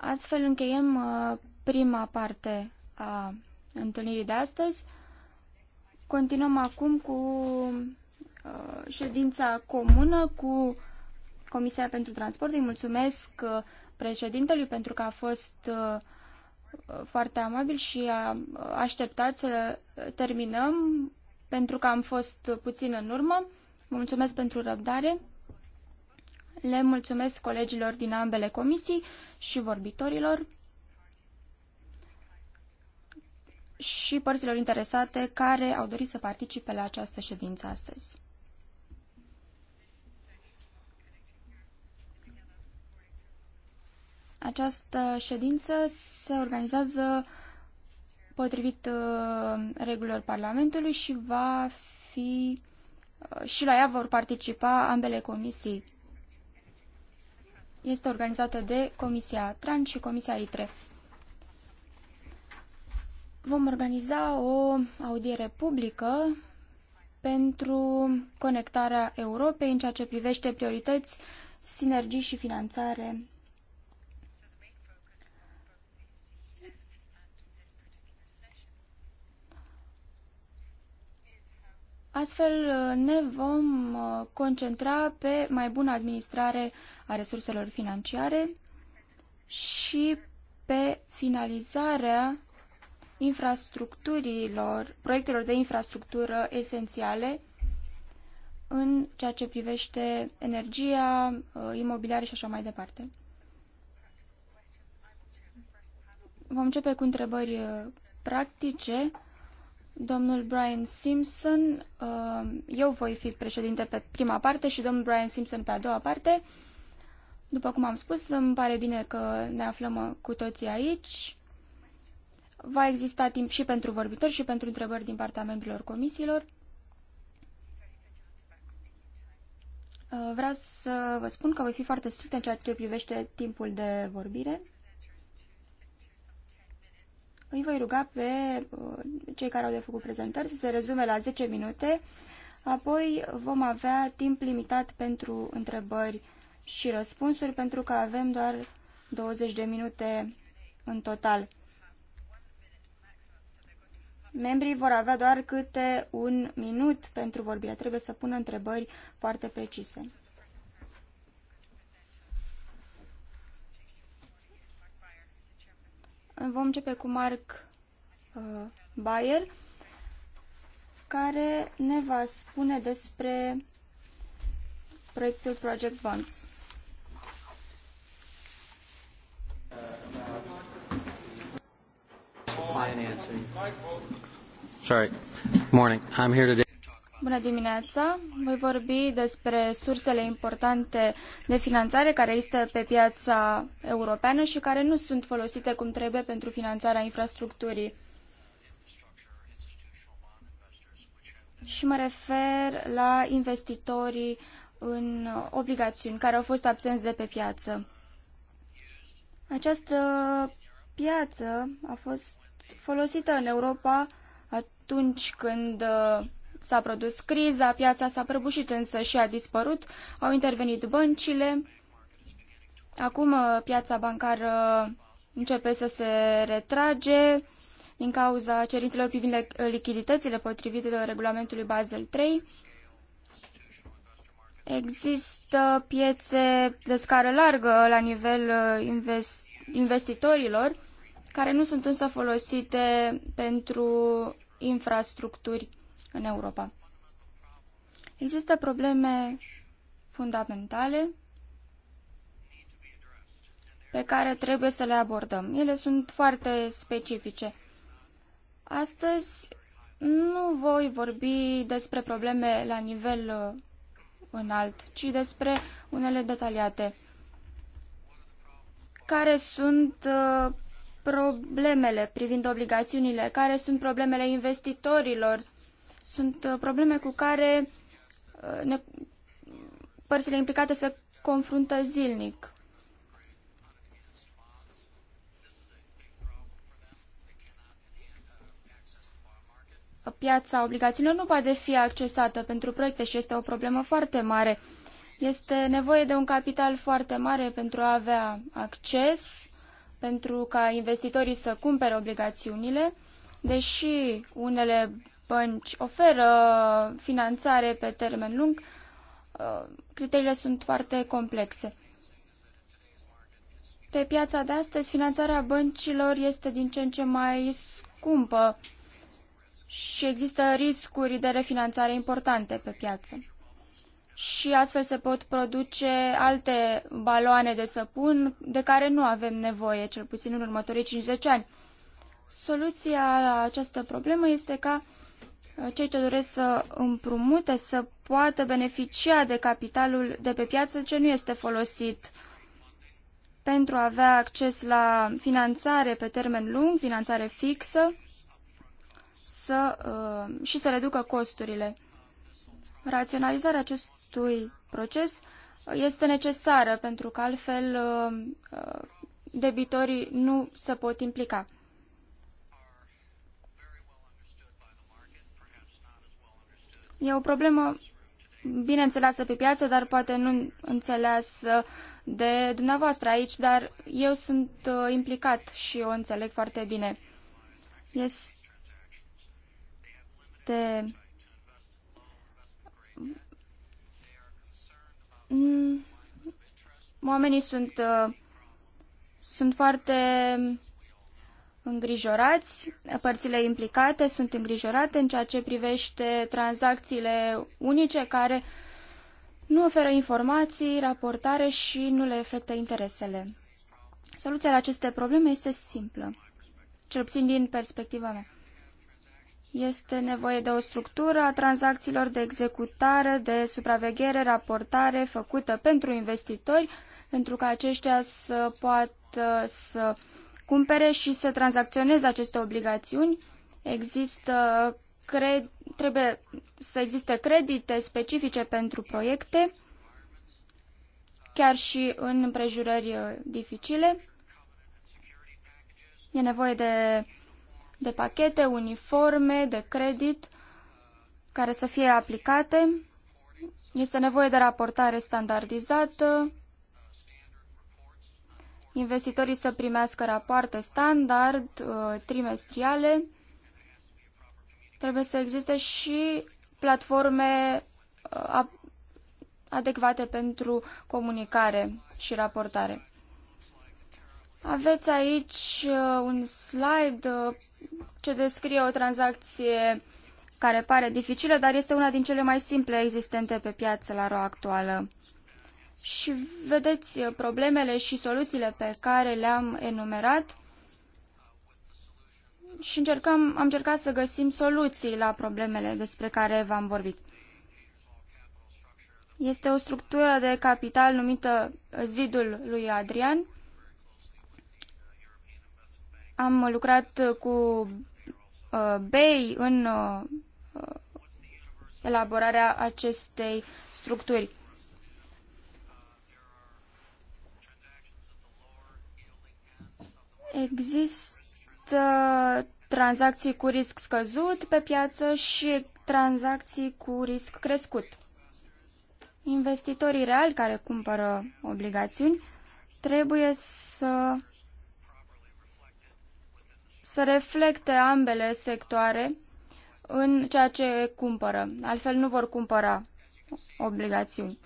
Astfel încheiem uh, prima parte a întâlnirii de astăzi. Continuăm acum cu uh, ședința comună cu Comisia pentru Transport. Îi mulțumesc uh, președintelui pentru că a fost foarte amabil și a așteptat să terminăm pentru că am fost puțin în urmă. mulțumesc pentru răbdare. Le mulțumesc colegilor din ambele comisii și vorbitorilor și părților interesate care au dorit să participe la această ședință astăzi. Această ședință se organizează potrivit uh, regulilor Parlamentului și va fi uh, și la ea vor participa ambele comisii este organizată de Comisia TRAN și Comisia ITRE. Vom organiza o audiere publică pentru conectarea Europei în ceea ce privește priorități, sinergii și finanțare Astfel uh, ne vom uh, concentra pe mai bună administrare a resurselor financiare și pe finalizarea infrastructurilor, proiectelor de infrastructură esențiale în ceea ce privește energia, uh, imobiliare și așa mai departe. Vom începe cu întrebări practice domnul Brian Simpson, uh, eu voi fi președinte pe prima parte și domnul Brian Simpson pe a doua parte. După cum am spus, îmi pare bine că ne aflăm uh, cu toții aici. Va exista timp și pentru vorbitori și pentru întrebări din partea membrilor comisiilor. Uh, vreau să vă spun că voi fi foarte strict în ceea ce privește timpul de vorbire. Îi voi ruga pe uh, cei care au de făcut prezentări să se rezume la 10 minute, apoi vom avea timp limitat pentru întrebări și răspunsuri, pentru că avem doar 20 de minute în total. Membrii vor avea doar câte un minut pentru vorbire. Trebuie să pună întrebări foarte precise. Vom începe cu Mark uh, Bayer, care ne va spune despre proiectul Project Bonds. Financing. Sorry. Morning. I'm here today. Bună dimineața! Voi vorbi despre sursele importante de finanțare care există pe piața europeană și care nu sunt folosite cum trebuie pentru finanțarea infrastructurii. Și mă refer la investitorii în obligațiuni care au fost absenți de pe piață. Această piață a fost folosită în Europa atunci când uh, s-a produs criza, piața s-a prăbușit însă și a dispărut, au intervenit băncile. Acum uh, piața bancară uh, începe să se retrage din cauza cerințelor privind uh, lichiditățile potrivit regulamentului Basel III. Există piețe de scară largă la nivel investitorilor, care nu sunt însă folosite pentru infrastructuri în Europa. Există probleme fundamentale pe care trebuie să le abordăm. Ele sunt foarte specifice. Astăzi nu voi vorbi despre probleme la nivel uh, înalt, ci despre unele detaliate. Care sunt uh, problemele privind obligațiunile? Care sunt problemele investitorilor? Sunt uh, probleme cu care uh, ne, părțile implicate se confruntă zilnic. Piața obligațiilor nu poate fi accesată pentru proiecte și este o problemă foarte mare. Este nevoie de un capital foarte mare pentru a avea acces, pentru ca investitorii să cumpere obligațiunile, deși unele bănci oferă finanțare pe termen lung, uh, criteriile sunt foarte complexe. Pe piața de astăzi, finanțarea băncilor este din ce în ce mai scumpă și există riscuri de refinanțare importante pe piață. Și astfel se pot produce alte baloane de săpun de care nu avem nevoie, cel puțin în următorii 50 ani. Soluția la această problemă este ca uh, cei ce doresc să împrumute să poată beneficia de capitalul de pe piață ce nu este folosit pentru a avea acces la finanțare pe termen lung, finanțare fixă să, uh, și să reducă costurile. Raționalizarea acestui proces este necesară pentru că altfel uh, uh, debitorii nu se pot implica. E o problemă bine înțeleasă pe piață, dar poate nu înțeleasă de dumneavoastră aici, dar eu sunt uh, implicat și o înțeleg foarte bine. Este... Mm, oamenii sunt, uh, sunt foarte îngrijorați, părțile implicate sunt îngrijorate în ceea ce privește tranzacțiile unice care nu oferă informații, raportare și nu le reflectă interesele. Soluția la aceste probleme este simplă, cel puțin din perspectiva mea. Este nevoie de o structură a tranzacțiilor de executare, de supraveghere, raportare făcută pentru investitori, pentru ca aceștia să poată să uh, cumpere și să tranzacționeze aceste obligațiuni. Există, cre- trebuie să existe credite specifice pentru proiecte, chiar și în împrejurări uh, dificile. E nevoie de, de pachete, uniforme, de credit care să fie aplicate. Este nevoie de raportare standardizată, investitorii să primească rapoarte standard, uh, trimestriale. Trebuie să existe și platforme uh, adecvate pentru comunicare și raportare. Aveți aici uh, un slide ce descrie o tranzacție care pare dificilă, dar este una din cele mai simple existente pe piață la roa actuală și vedeți uh, problemele și soluțiile pe care le-am enumerat și încercăm, am încercat să găsim soluții la problemele despre care v-am vorbit. Este o structură de capital numită Zidul lui Adrian. Am lucrat cu uh, BEI în uh, uh elaborarea acestei structuri. Există tranzacții cu risc scăzut pe piață și tranzacții cu risc crescut. Investitorii reali care cumpără obligațiuni trebuie să să reflecte ambele sectoare în ceea ce cumpără. Altfel nu vor cumpăra obligațiuni.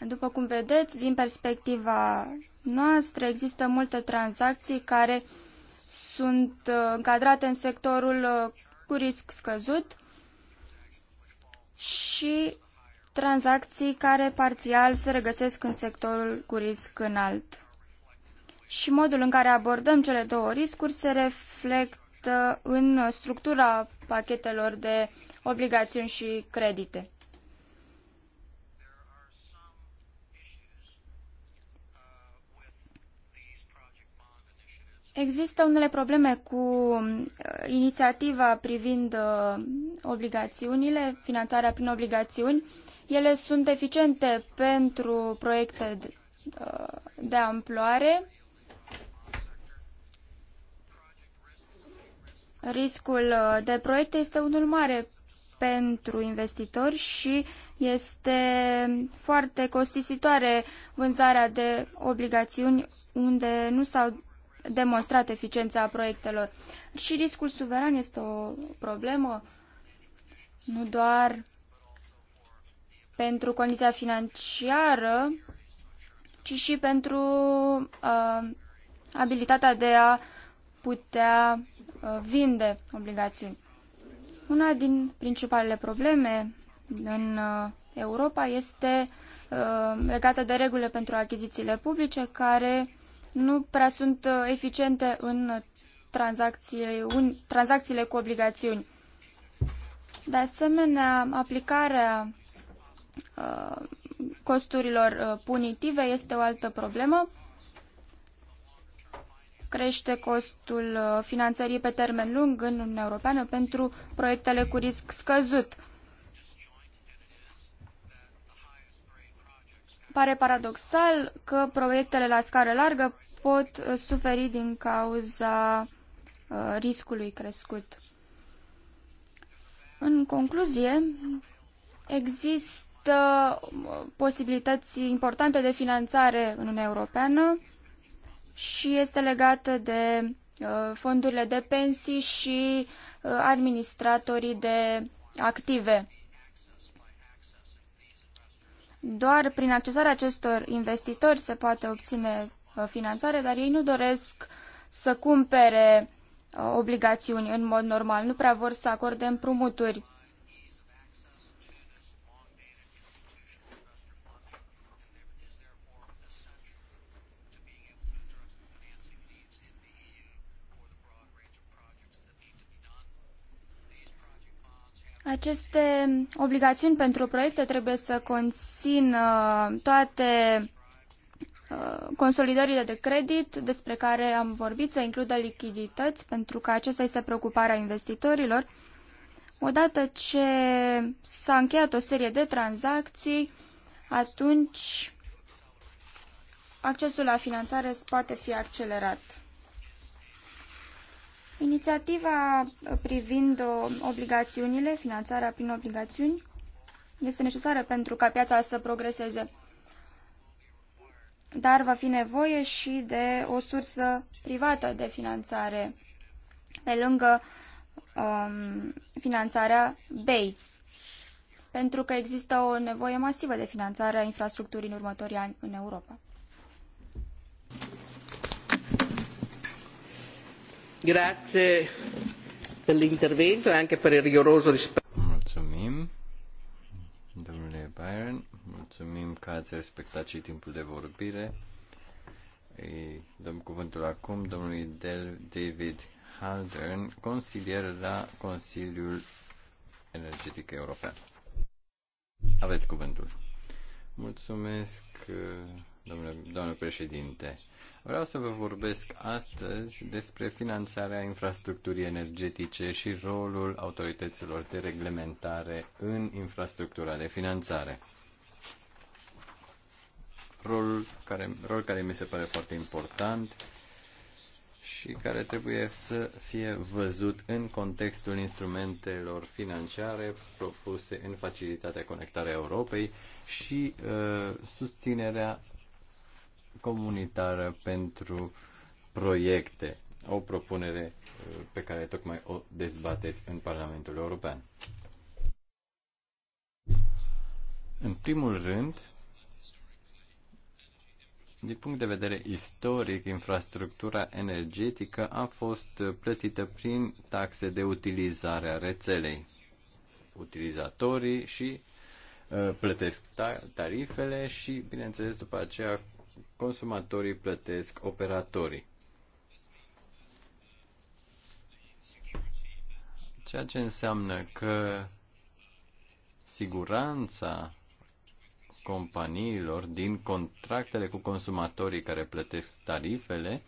După cum vedeți, din perspectiva noastră există multe tranzacții care sunt uh, încadrate în sectorul uh, cu risc scăzut și tranzacții care parțial se regăsesc în sectorul cu risc înalt. Și modul în care abordăm cele două riscuri se reflectă în structura pachetelor de obligațiuni și credite. Există unele probleme cu uh, inițiativa privind uh, obligațiunile, finanțarea prin obligațiuni. Ele sunt eficiente pentru proiecte de uh, amploare. Riscul de proiecte este unul mare pentru investitori și este foarte costisitoare vânzarea de obligațiuni unde nu s-au demonstrat eficiența proiectelor. Și riscul suveran este o problemă, nu doar pentru condiția financiară, ci și pentru uh, abilitatea de a putea uh, vinde obligațiuni. Una din principalele probleme în uh, Europa este uh, legată de regulile pentru achizițiile publice, care nu prea sunt uh, eficiente în tranzacțiile, tranzacțiile cu obligațiuni. De asemenea, aplicarea uh, costurilor uh, punitive este o altă problemă. Crește costul finanțării pe termen lung în Uniunea Europeană pentru proiectele cu risc scăzut. Pare paradoxal că proiectele la scară largă pot uh, suferi din cauza uh, riscului crescut. În concluzie, există uh, posibilități importante de finanțare în Uniunea Europeană și este legată de fondurile de pensii și administratorii de active. Doar prin accesarea acestor investitori se poate obține uh, finanțare, dar ei nu doresc să cumpere uh, obligațiuni în mod normal, nu prea vor să acorde împrumuturi. Aceste obligațiuni pentru proiecte trebuie să conțină toate uh, consolidările de credit despre care am vorbit, să includă lichidități, pentru că acesta este preocuparea investitorilor. Odată ce s-a încheiat o serie de tranzacții, atunci accesul la finanțare poate fi accelerat. Inițiativa privind uh, obligațiunile, finanțarea prin obligațiuni, este necesară pentru ca piața să progreseze. Dar va fi nevoie și de o sursă privată de finanțare, pe lângă um, finanțarea BEI, pentru că există o nevoie masivă de finanțare a infrastructurii în următorii ani în Europa. Grazie per l'intervento e anche per il rigoroso rispetto. Mulțumim, domnule Byron. Mulțumim că ați respectat și timpul de vorbire. Îi dăm cuvântul acum domnului Del David Haldern, consilier la Consiliul Energetic European. Aveți cuvântul. Mulțumesc, domnule, doamnă președinte. Vreau să vă vorbesc astăzi despre finanțarea infrastructurii energetice și rolul autorităților de reglementare în infrastructura de finanțare. Rol care, rol care mi se pare foarte important și care trebuie să fie văzut în contextul instrumentelor financiare propuse în Facilitatea Conectarea Europei și uh, susținerea comunitară pentru proiecte, o propunere uh, pe care tocmai o dezbateți în Parlamentul European. În primul rând, din punct de vedere istoric, infrastructura energetică a fost plătită prin taxe de utilizare a rețelei. Utilizatorii și uh, plătesc tarifele și, bineînțeles, după aceea consumatorii plătesc operatorii. Ceea ce înseamnă că siguranța companiilor din contractele cu consumatorii care plătesc tarifele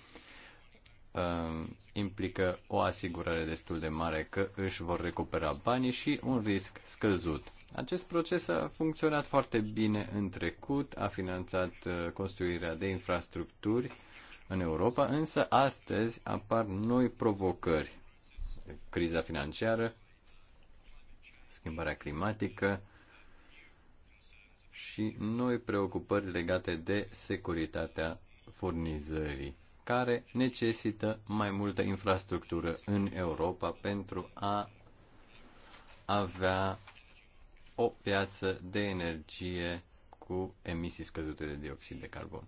um, implică o asigurare destul de mare că își vor recupera banii și un risc scăzut. Acest proces a funcționat foarte bine în trecut, a finanțat uh, construirea de infrastructuri în Europa, însă astăzi apar noi provocări. Criza financiară, schimbarea climatică și noi preocupări legate de securitatea furnizării, care necesită mai multă infrastructură în Europa pentru a avea o piață de energie cu emisii scăzute de dioxid de carbon.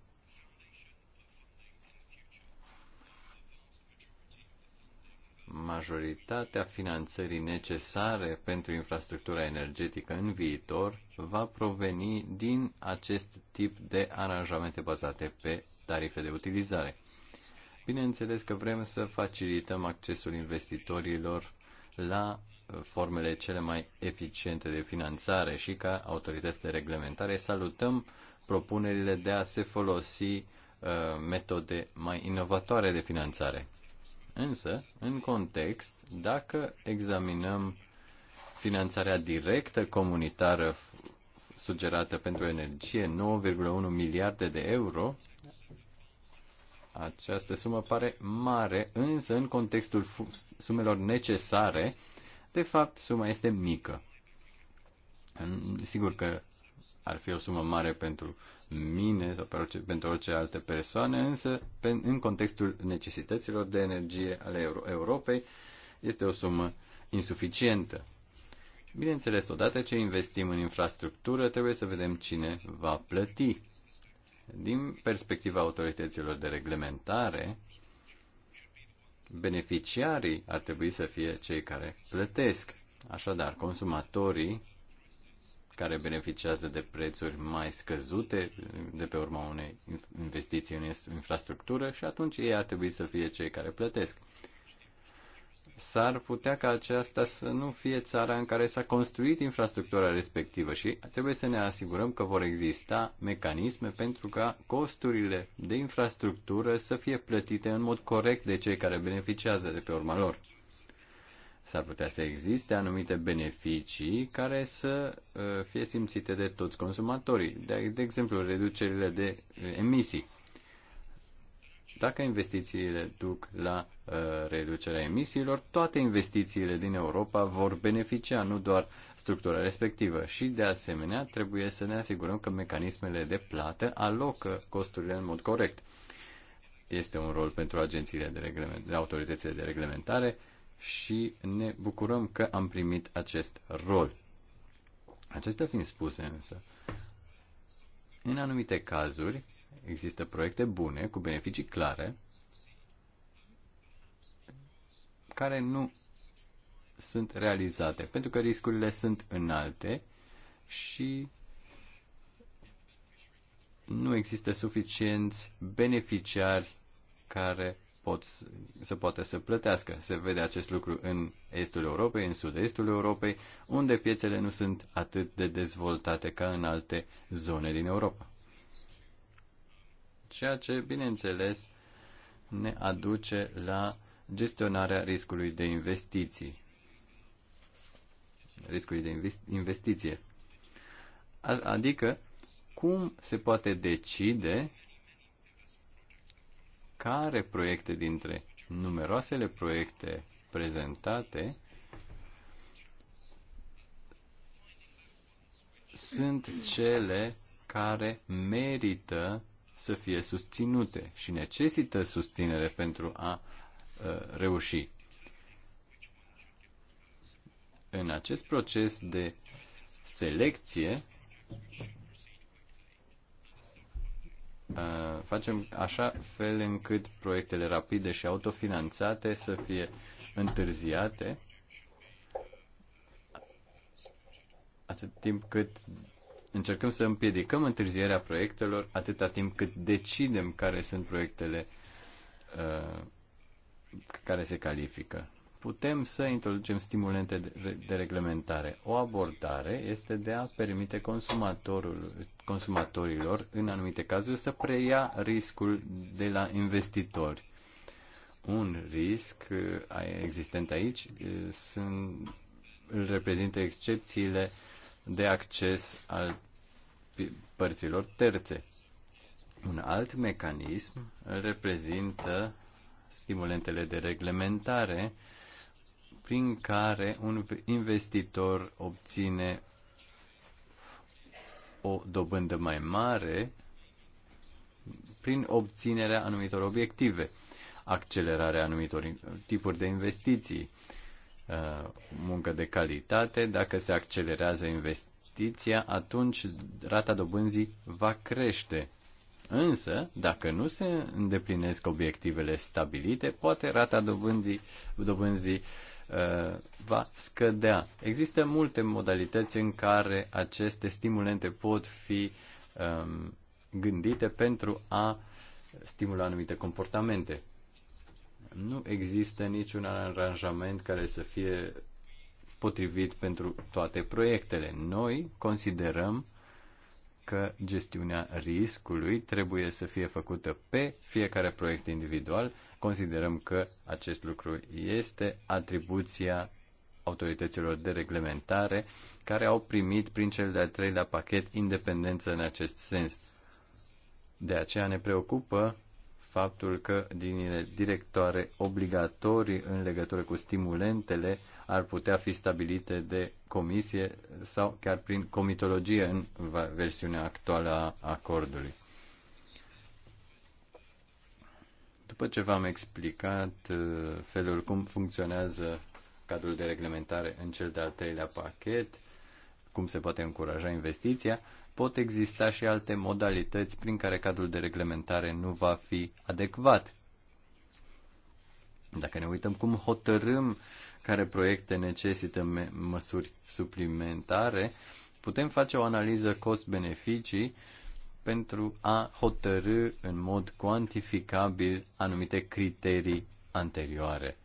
Majoritatea finanțării necesare pentru infrastructura energetică în viitor va proveni din acest tip de aranjamente bazate pe tarife de utilizare. Bineînțeles că vrem să facilităm accesul investitorilor la formele cele mai eficiente de finanțare și ca autorități de reglementare salutăm propunerile de a se folosi uh, metode mai inovatoare de finanțare. Însă, în context, dacă examinăm finanțarea directă comunitară sugerată pentru energie, 9,1 miliarde de euro, această sumă pare mare, însă în contextul sumelor necesare de fapt, suma este mică. Sigur că ar fi o sumă mare pentru mine sau pentru orice alte persoane, însă în contextul necesităților de energie ale Europei este o sumă insuficientă. Bineînțeles, odată ce investim în infrastructură, trebuie să vedem cine va plăti. Din perspectiva autorităților de reglementare, beneficiarii ar trebui să fie cei care plătesc. Așadar, consumatorii care beneficiază de prețuri mai scăzute de pe urma unei investiții în infrastructură și atunci ei ar trebui să fie cei care plătesc s-ar putea ca aceasta să nu fie țara în care s-a construit infrastructura respectivă și trebuie să ne asigurăm că vor exista mecanisme pentru ca costurile de infrastructură să fie plătite în mod corect de cei care beneficiază de pe urma lor. S-ar putea să existe anumite beneficii care să uh, fie simțite de toți consumatorii, de, de exemplu reducerile de uh, emisii. Dacă investițiile duc la uh, reducerea emisiilor, toate investițiile din Europa vor beneficia, nu doar structura respectivă. Și, de asemenea, trebuie să ne asigurăm că mecanismele de plată alocă costurile în mod corect. Este un rol pentru agențiile de, reglement, de autoritățile de reglementare și ne bucurăm că am primit acest rol. Acestea fiind spuse însă, în anumite cazuri, Există proiecte bune, cu beneficii clare, care nu sunt realizate, pentru că riscurile sunt înalte și nu există suficienți beneficiari care pot să poată să plătească. Se vede acest lucru în estul Europei, în sud-estul Europei, unde piețele nu sunt atât de dezvoltate ca în alte zone din Europa ceea ce, bineînțeles, ne aduce la gestionarea riscului de investiții. Riscului de investiție. Adică, cum se poate decide care proiecte dintre numeroasele proiecte prezentate sunt cele care merită să fie susținute și necesită susținere pentru a uh, reuși. În acest proces de selecție, uh, facem așa fel încât proiectele rapide și autofinanțate să fie întârziate atât timp cât încercăm să împiedicăm întârzierea proiectelor atâta timp cât decidem care sunt proiectele uh, care se califică. Putem să introducem stimulente de reglementare. O abordare este de a permite consumatorul, consumatorilor, în anumite cazuri, să preia riscul de la investitori. Un risc uh, existent aici uh, sunt, îl reprezintă excepțiile uh, de acces al părților terțe. Un alt mecanism reprezintă stimulentele de reglementare prin care un investitor obține o dobândă mai mare prin obținerea anumitor obiective, accelerarea anumitor tipuri de investiții, Uh, muncă de calitate, dacă se accelerează investiția, atunci rata dobânzii va crește. Însă, dacă nu se îndeplinesc obiectivele stabilite, poate rata dobânzii, dobânzii uh, va scădea. Există multe modalități în care aceste stimulente pot fi um, gândite pentru a stimula anumite comportamente. Nu există niciun aranjament care să fie potrivit pentru toate proiectele. Noi considerăm că gestiunea riscului trebuie să fie făcută pe fiecare proiect individual. Considerăm că acest lucru este atribuția autorităților de reglementare care au primit prin cel de-al treilea pachet independență în acest sens. De aceea ne preocupă faptul că liniile directoare obligatorii în legătură cu stimulentele ar putea fi stabilite de comisie sau chiar prin comitologie în versiunea actuală a acordului. După ce v-am explicat uh, felul cum funcționează cadrul de reglementare în cel de-al treilea pachet, cum se poate încuraja investiția, pot exista și alte modalități prin care cadrul de reglementare nu va fi adecvat. Dacă ne uităm cum hotărâm care proiecte necesită măsuri suplimentare, putem face o analiză cost-beneficii pentru a hotărâ în mod cuantificabil anumite criterii anterioare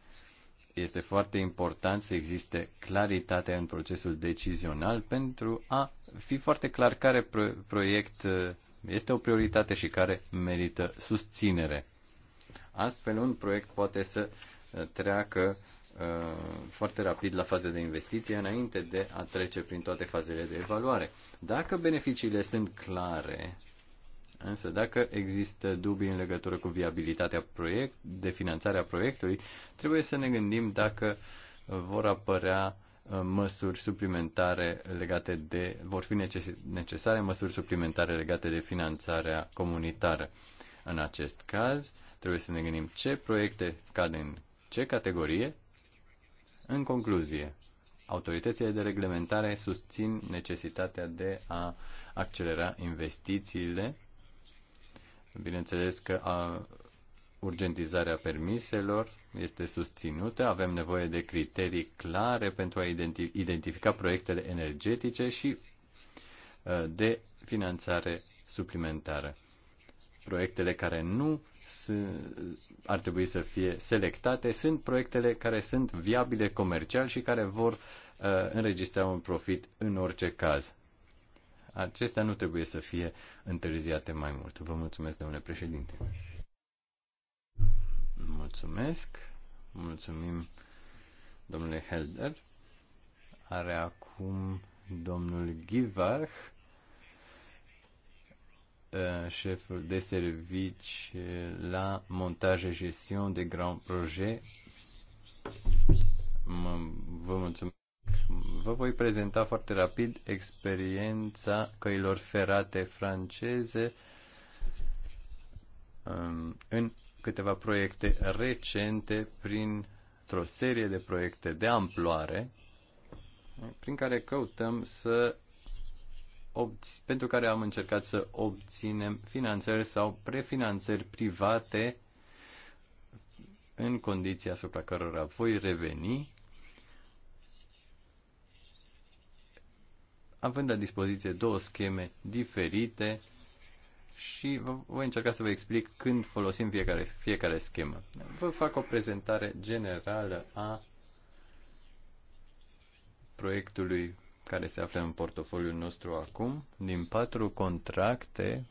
este foarte important să existe claritate în procesul decizional pentru a fi foarte clar care pro- proiect uh, este o prioritate și care merită susținere. Astfel, un proiect poate să uh, treacă uh, foarte rapid la faza de investiție înainte de a trece prin toate fazele de evaluare. Dacă beneficiile sunt clare Însă dacă există dubii în legătură cu viabilitatea proiect, de finanțare a proiectului, trebuie să ne gândim dacă vor apărea uh, măsuri suplimentare legate de, vor fi necesare măsuri suplimentare legate de finanțarea comunitară. În acest caz, trebuie să ne gândim ce proiecte cad în ce categorie. În concluzie, autoritățile de reglementare susțin necesitatea de a accelera investițiile Bineînțeles că a, urgentizarea permiselor este susținută, avem nevoie de criterii clare pentru a identif- identifica proiectele energetice și uh, de finanțare suplimentară. Proiectele care nu ar trebui să fie selectate sunt proiectele care sunt viabile comercial și care vor uh, înregistra un profit în orice caz acestea nu trebuie să fie întârziate mai mult. Vă mulțumesc, domnule președinte. Mulțumesc. Mulțumim, domnule Helder. Are acum domnul Givach, uh, șeful de servici la montaje gestion de grand projet. Vă mulțumesc. Vă voi prezenta foarte rapid experiența căilor ferate franceze um, în câteva proiecte recente printr-o serie de proiecte de amploare prin care căutăm să pentru care am încercat să obținem finanțări sau prefinanțări private în condiții asupra cărora voi reveni având la dispoziție două scheme diferite și voi încerca să vă explic când folosim fiecare, fiecare schemă. Vă fac o prezentare generală a proiectului care se află în portofoliul nostru acum, din patru contracte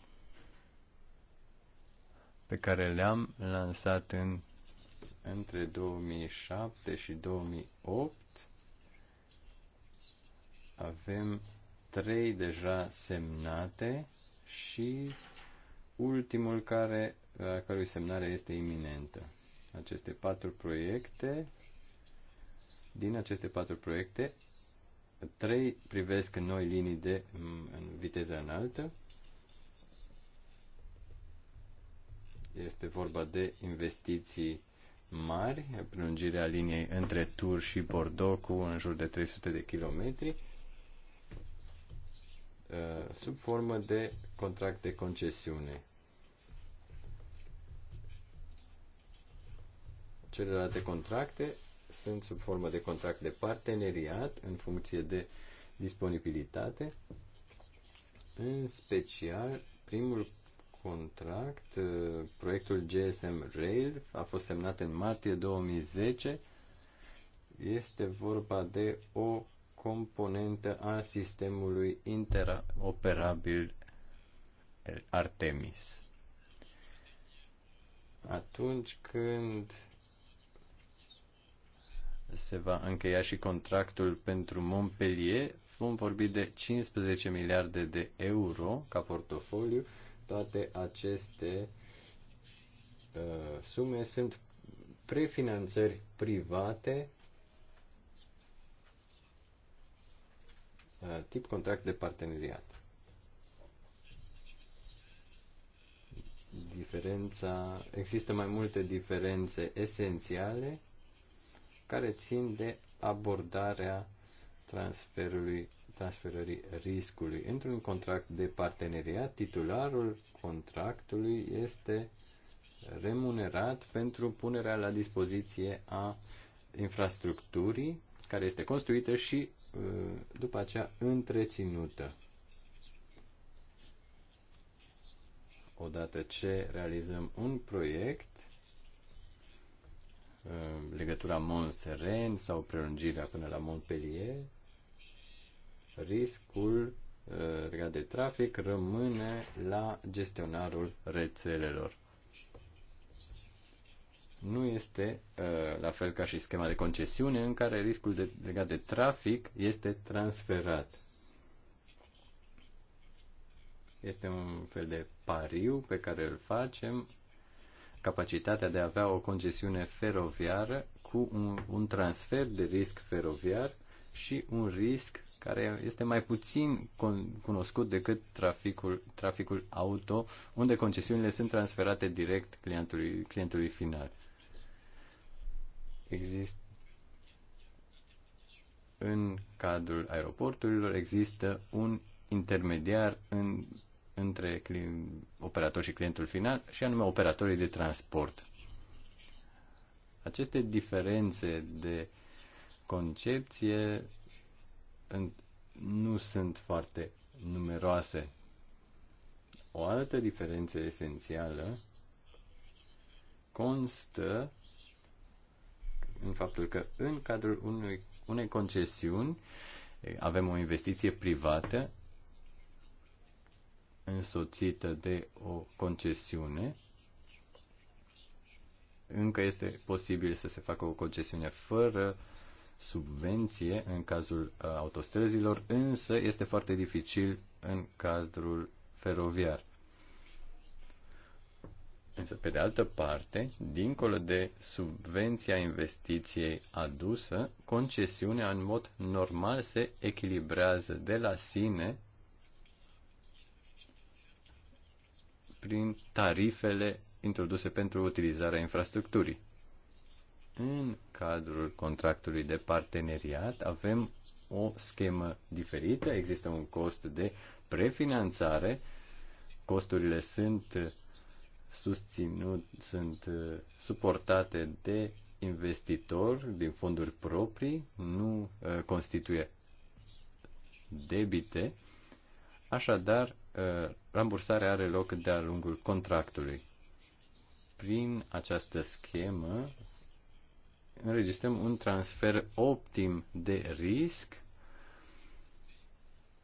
pe care le-am lansat în, între 2007 și 2008, avem trei deja semnate și ultimul care, a cărui semnare este iminentă. Aceste patru proiecte, din aceste patru proiecte, trei privesc noi linii de în viteză înaltă. Este vorba de investiții mari, prelungirea liniei între Tur și Bordeaux cu în jur de 300 de kilometri Uh, sub formă de contract de concesiune. Celelalte contracte sunt sub formă de contract de parteneriat în funcție de disponibilitate, în special primul contract, uh, proiectul GSM Rail, a fost semnat în martie 2010. Este vorba de o componentă a sistemului interoperabil Artemis. Atunci când se va încheia și contractul pentru Montpellier, vom vorbi de 15 miliarde de euro ca portofoliu. Toate aceste uh, sume sunt prefinanțări private Uh, tip contract de parteneriat. Diferența, există mai multe diferențe esențiale care țin de abordarea transferului, transferării riscului. Într-un contract de parteneriat, titularul contractului este remunerat pentru punerea la dispoziție a infrastructurii care este construită și Uh, după aceea întreținută. Odată ce realizăm un proiect, uh, legătura Mont-Seren sau prelungirea până la Montpellier, riscul uh, legat de trafic rămâne la gestionarul rețelelor nu este uh, la fel ca și schema de concesiune în care riscul de, legat de trafic este transferat. Este un fel de pariu pe care îl facem, capacitatea de a avea o concesiune feroviară cu un, un transfer de risc feroviar și un risc care este mai puțin cunoscut decât traficul, traficul auto, unde concesiunile sunt transferate direct clientului, clientului final. Există în cadrul aeroporturilor există un intermediar în, între cli, operator și clientul final și anume operatorii de transport. Aceste diferențe de concepție în, nu sunt foarte numeroase. O altă diferență esențială constă în faptul că în cadrul unui, unei concesiuni avem o investiție privată însoțită de o concesiune. Încă este posibil să se facă o concesiune fără subvenție în cazul uh, autostrăzilor, însă este foarte dificil în cadrul feroviar. Însă, pe de altă parte, dincolo de subvenția investiției adusă, concesiunea în mod normal se echilibrează de la sine prin tarifele introduse pentru utilizarea infrastructurii. În cadrul contractului de parteneriat avem o schemă diferită, există un cost de prefinanțare, costurile sunt susținut, sunt uh, suportate de investitori din fonduri proprii, nu uh, constituie debite, așadar uh, rambursarea are loc de-a lungul contractului. Prin această schemă înregistrăm un transfer optim de risc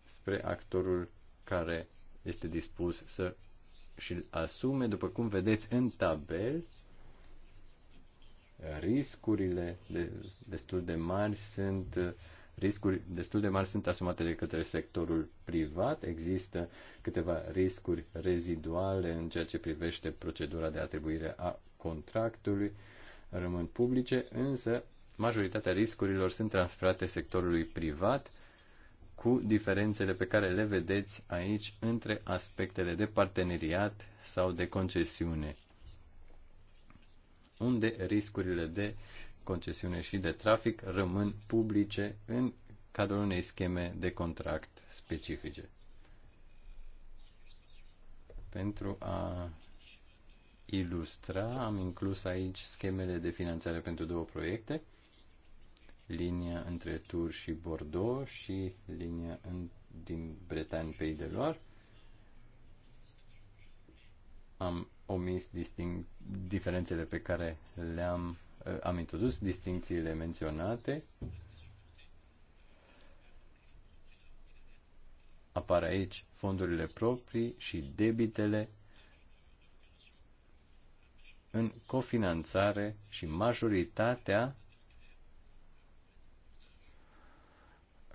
spre actorul care este dispus să și îl asume, după cum vedeți în tabel, riscurile de, destul de mari sunt riscuri destul de mari sunt asumate de către sectorul privat. Există câteva riscuri reziduale în ceea ce privește procedura de atribuire a contractului, rămân publice, însă majoritatea riscurilor sunt transferate sectorului privat cu diferențele pe care le vedeți aici între aspectele de parteneriat sau de concesiune, unde riscurile de concesiune și de trafic rămân publice în cadrul unei scheme de contract specifice. Pentru a ilustra, am inclus aici schemele de finanțare pentru două proiecte linia între Tur și Bordeaux și linia în, din Bretagne pe de Loire. Am omis disting, diferențele pe care le-am eh, am introdus distincțiile menționate. Apar aici fondurile proprii și debitele în cofinanțare și majoritatea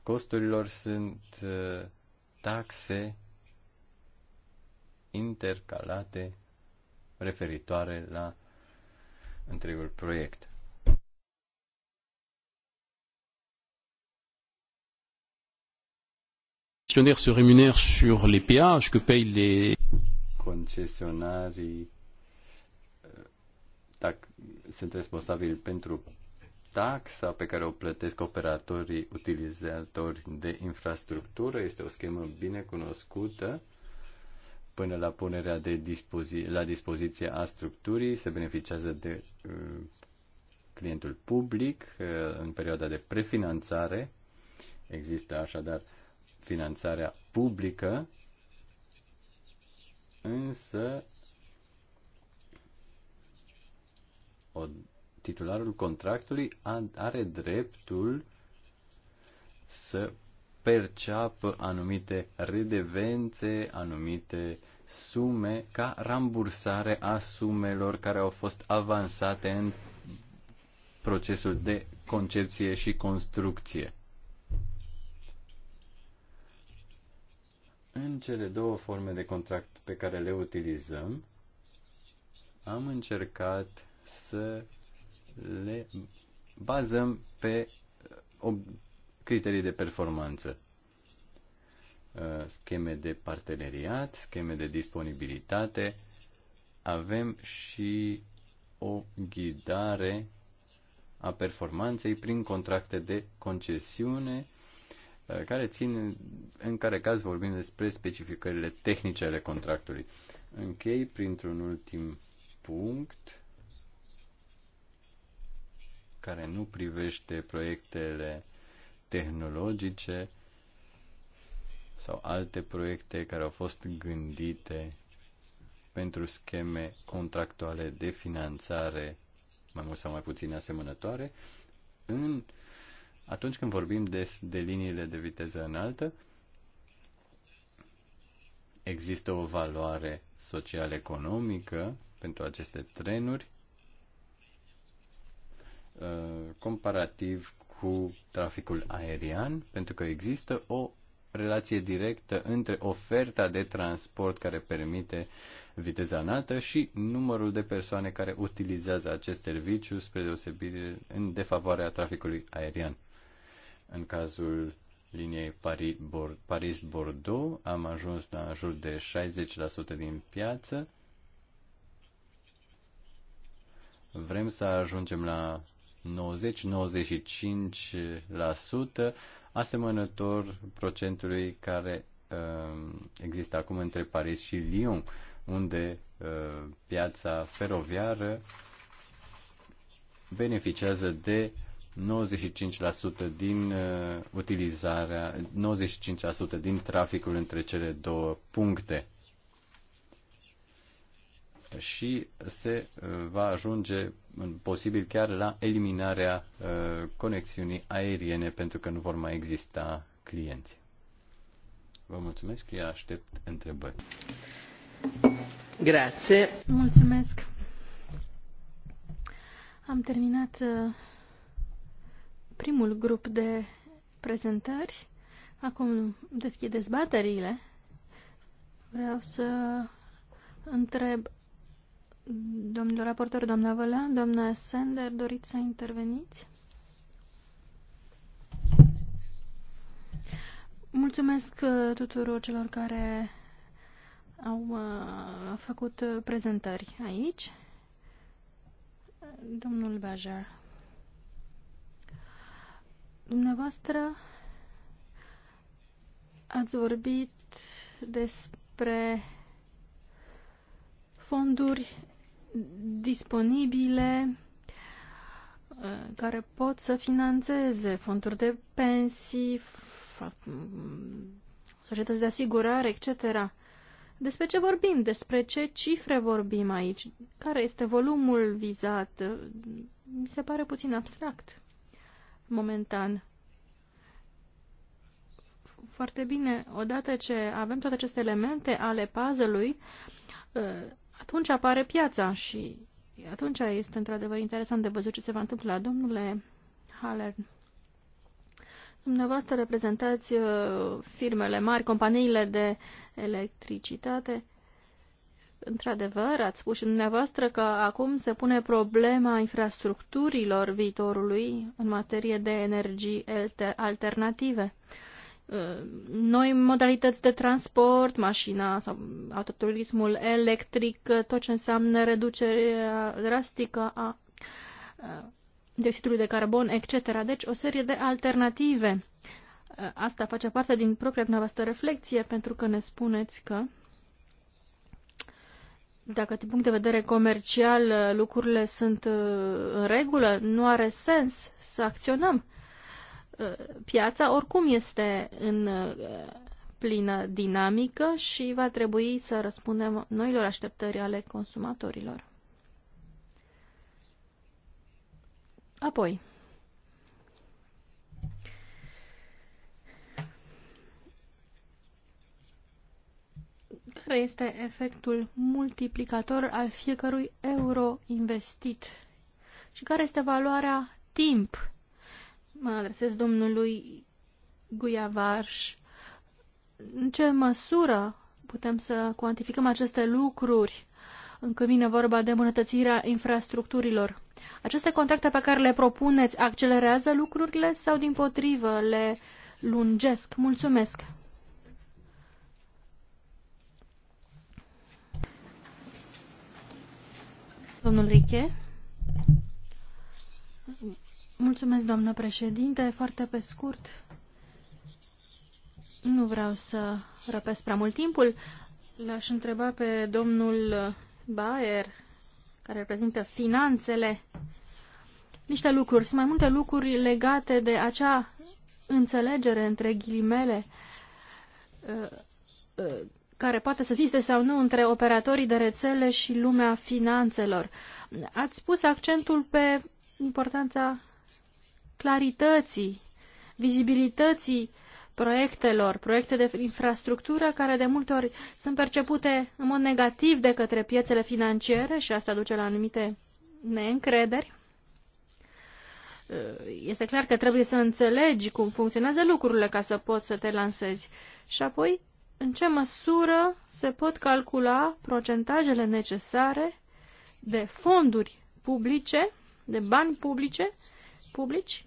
costurilor sunt uh, taxe intercalate referitoare la întregul proiect. se rémunère sur les péages que payent les concessionnaires euh, sunt responsabili pour taxa pe care o plătesc operatorii utilizatori de infrastructură. Este o schemă bine cunoscută până la punerea de dispozi- la dispoziție a structurii. Se beneficiază de uh, clientul public uh, în perioada de prefinanțare. Există așadar finanțarea publică, însă o titularul contractului are dreptul să perceapă anumite redevențe, anumite sume ca rambursare a sumelor care au fost avansate în procesul de concepție și construcție. În cele două forme de contract pe care le utilizăm, am încercat să le bazăm pe uh, criterii de performanță. Uh, scheme de parteneriat, scheme de disponibilitate, avem și o ghidare a performanței prin contracte de concesiune uh, care țin, în care caz vorbim despre specificările tehnice ale contractului. Închei printr-un ultim punct care nu privește proiectele tehnologice sau alte proiecte care au fost gândite pentru scheme contractuale de finanțare mai mult sau mai puțin asemănătoare. În, atunci când vorbim de, de liniile de viteză înaltă, există o valoare social-economică pentru aceste trenuri Uh, comparativ cu traficul aerian, pentru că există o relație directă între oferta de transport care permite viteza înaltă și numărul de persoane care utilizează acest serviciu spre deosebire în defavoarea traficului aerian. În cazul liniei Paris-Bordeaux am ajuns la jur de 60% din piață. Vrem să ajungem la 90-95% asemănător procentului care uh, există acum între Paris și Lyon, unde uh, piața feroviară beneficiază de 95% din uh, utilizarea, 95% din traficul între cele două puncte. Și se uh, va ajunge posibil chiar la eliminarea uh, conexiunii aeriene pentru că nu vor mai exista clienți. Vă mulțumesc și aștept întrebări. Grație. Mulțumesc. Am terminat uh, primul grup de prezentări. Acum deschid dezbaterile. Vreau să întreb Domnul raportor, doamna Vălea, doamna Sender, doriți să interveniți? Mulțumesc uh, tuturor celor care au uh, făcut uh, prezentări aici. Domnul Bajar, dumneavoastră ați vorbit despre fonduri disponibile uh, care pot să financeze fonduri de pensii, societăți de asigurare, etc. Despre ce vorbim? Despre ce cifre vorbim aici? Care este volumul vizat? Mi se pare puțin abstract momentan. Foarte bine, odată ce avem toate aceste elemente ale puzzle-ului, uh, atunci apare piața și atunci este într-adevăr interesant de văzut ce se va întâmpla. Domnule Haller, dumneavoastră reprezentați uh, firmele mari, companiile de electricitate. Într-adevăr, ați spus și dumneavoastră că acum se pune problema infrastructurilor viitorului în materie de energii alternative. Uh, noi modalități de transport, mașina sau autoturismul electric, uh, tot ce înseamnă reducerea drastică a uh, dioxidului de carbon, etc. Deci o serie de alternative. Asta face parte din propria dumneavoastră reflexie, pentru că ne spuneți că dacă din punct de vedere comercial lucrurile sunt în regulă, nu are sens să acționăm Uh, piața oricum este în uh, plină dinamică și va trebui să răspundem noilor așteptări ale consumatorilor. Apoi, care este efectul multiplicator al fiecărui euro investit și care este valoarea timp mă adresez domnului Guiavarș, în ce măsură putem să cuantificăm aceste lucruri încă vine vorba de îmbunătățirea infrastructurilor. Aceste contracte pe care le propuneți accelerează lucrurile sau din potrivă le lungesc? Mulțumesc! Domnul Riche. Mulțumesc, doamnă președinte. Foarte pe scurt, nu vreau să răpesc prea mult timpul. L-aș întreba pe domnul Bayer, care reprezintă finanțele, niște lucruri. Sunt mai multe lucruri legate de acea înțelegere între ghilimele uh, uh, care poate să existe sau nu între operatorii de rețele și lumea finanțelor. Ați pus accentul pe importanța clarității, vizibilității proiectelor, proiecte de infrastructură care de multe ori sunt percepute în mod negativ de către piețele financiare și asta duce la anumite neîncrederi. Este clar că trebuie să înțelegi cum funcționează lucrurile ca să poți să te lansezi. Și apoi, în ce măsură se pot calcula procentajele necesare de fonduri publice, de bani publice, publici,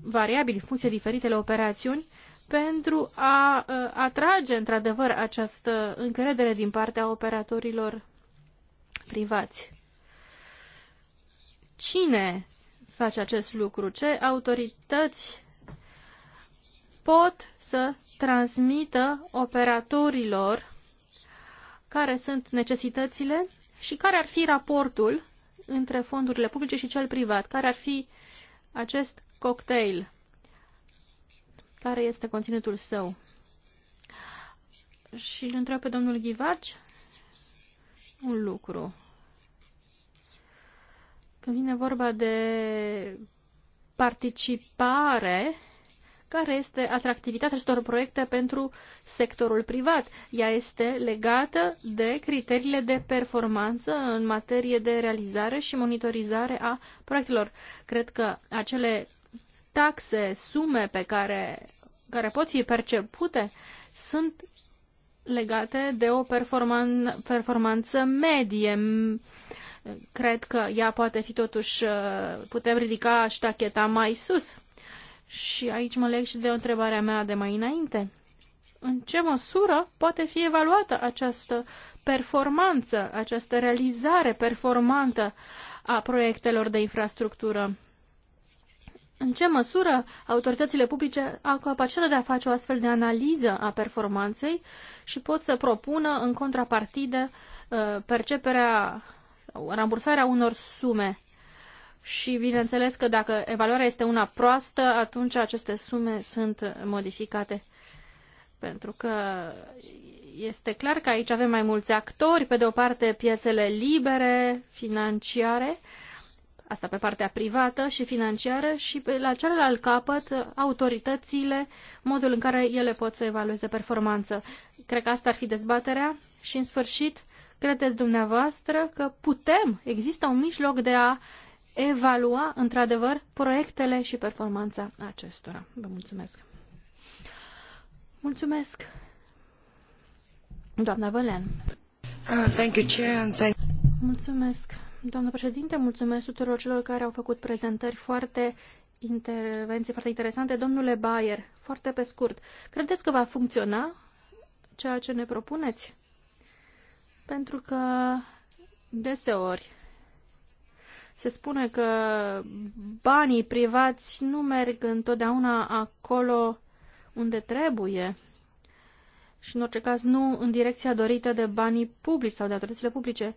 variabili în funcție de diferitele operațiuni pentru a atrage într-adevăr această încredere din partea operatorilor privați. Cine face acest lucru? Ce autorități pot să transmită operatorilor care sunt necesitățile și care ar fi raportul între fondurile publice și cel privat, care ar fi acest cocktail. Care este conținutul său? Și îl întreb pe domnul Ghivaci un lucru. Când vine vorba de participare, care este atractivitatea acestor proiecte pentru sectorul privat. Ea este legată de criteriile de performanță în materie de realizare și monitorizare a proiectelor. Cred că acele taxe, sume pe care, care pot fi percepute sunt legate de o performan- performanță medie. Cred că ea poate fi totuși, uh, putem ridica ștacheta mai sus. Și aici mă leg și de o întrebare mea de mai înainte. În ce măsură poate fi evaluată această performanță, această realizare performantă a proiectelor de infrastructură? în ce măsură autoritățile publice au capacitatea de a face o astfel de analiză a performanței și pot să propună în contrapartidă uh, perceperea, rambursarea unor sume. Și bineînțeles că dacă evaluarea este una proastă, atunci aceste sume sunt modificate. Pentru că este clar că aici avem mai mulți actori, pe de o parte piețele libere, financiare, asta pe partea privată și financiară, și pe, la celălalt capăt autoritățile, modul în care ele pot să evalueze performanță. Cred că asta ar fi dezbaterea și, în sfârșit, credeți dumneavoastră că putem, există un mijloc de a evalua, într-adevăr, proiectele și performanța acestora. Vă mulțumesc! Mulțumesc! Doamna Vălean. Uh, thank you, Chair, and thank... Mulțumesc! Doamnă președinte, mulțumesc tuturor celor care au făcut prezentări foarte intervenții foarte interesante. Domnule Bayer, foarte pe scurt, credeți că va funcționa ceea ce ne propuneți? Pentru că deseori se spune că banii privați nu merg întotdeauna acolo unde trebuie și în orice caz nu în direcția dorită de banii publici sau de autoritățile publice.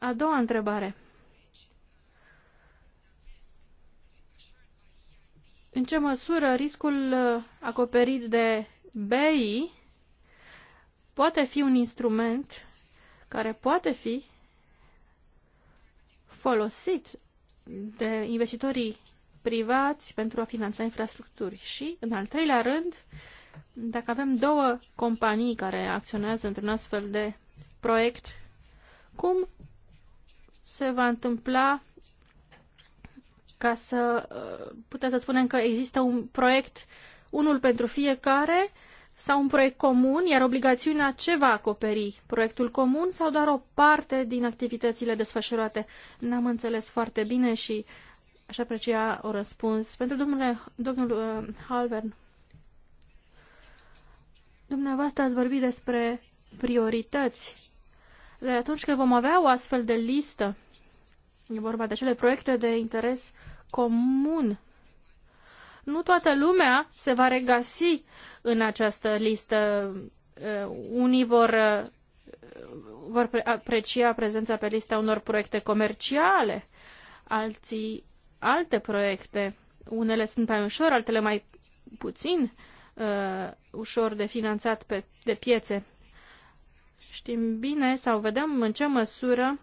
A doua întrebare. În ce măsură riscul uh, acoperit de BEI poate fi un instrument care poate fi folosit de investitorii privați pentru a finanța infrastructuri. Și, în al treilea rând, dacă avem două companii care acționează într-un astfel de proiect, cum se va întâmpla ca să uh, putem să spunem că există un proiect, unul pentru fiecare sau un proiect comun, iar obligațiunea ce va acoperi? Proiectul comun sau doar o parte din activitățile desfășurate? N-am înțeles foarte bine și aș aprecia o răspuns. Pentru domnule, domnul uh, Halvern, dumneavoastră ați vorbit despre priorități de atunci când vom avea o astfel de listă, e vorba de cele proiecte de interes comun, nu toată lumea se va regăsi în această listă. Uh, unii vor, uh, vor aprecia prezența pe lista unor proiecte comerciale, alții alte proiecte. Unele sunt mai ușor, altele mai puțin uh, ușor de finanțat pe, de piețe știm bine sau vedem în ce măsură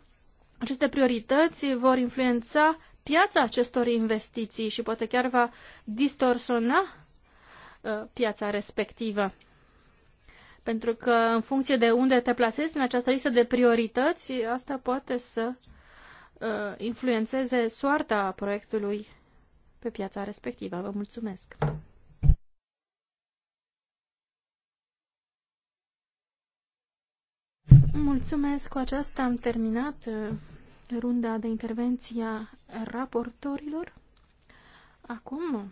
aceste priorități vor influența piața acestor investiții și poate chiar va distorsiona uh, piața respectivă. Pentru că în funcție de unde te plasezi în această listă de priorități, asta poate să uh, influențeze soarta proiectului pe piața respectivă. Vă mulțumesc! Mulțumesc. Cu aceasta am terminat uh, runda de intervenție a raportorilor. Acum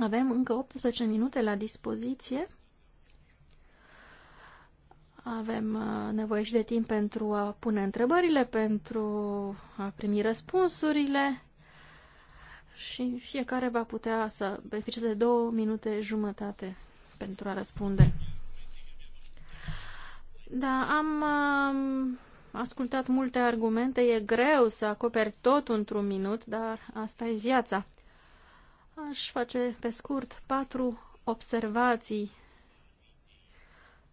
avem încă 18 minute la dispoziție. Avem uh, nevoie și de timp pentru a pune întrebările, pentru a primi răspunsurile și fiecare va putea să beneficieze de două minute jumătate pentru a răspunde. Da, am ascultat multe argumente. E greu să acoperi tot într-un minut, dar asta e viața. Aș face pe scurt patru observații.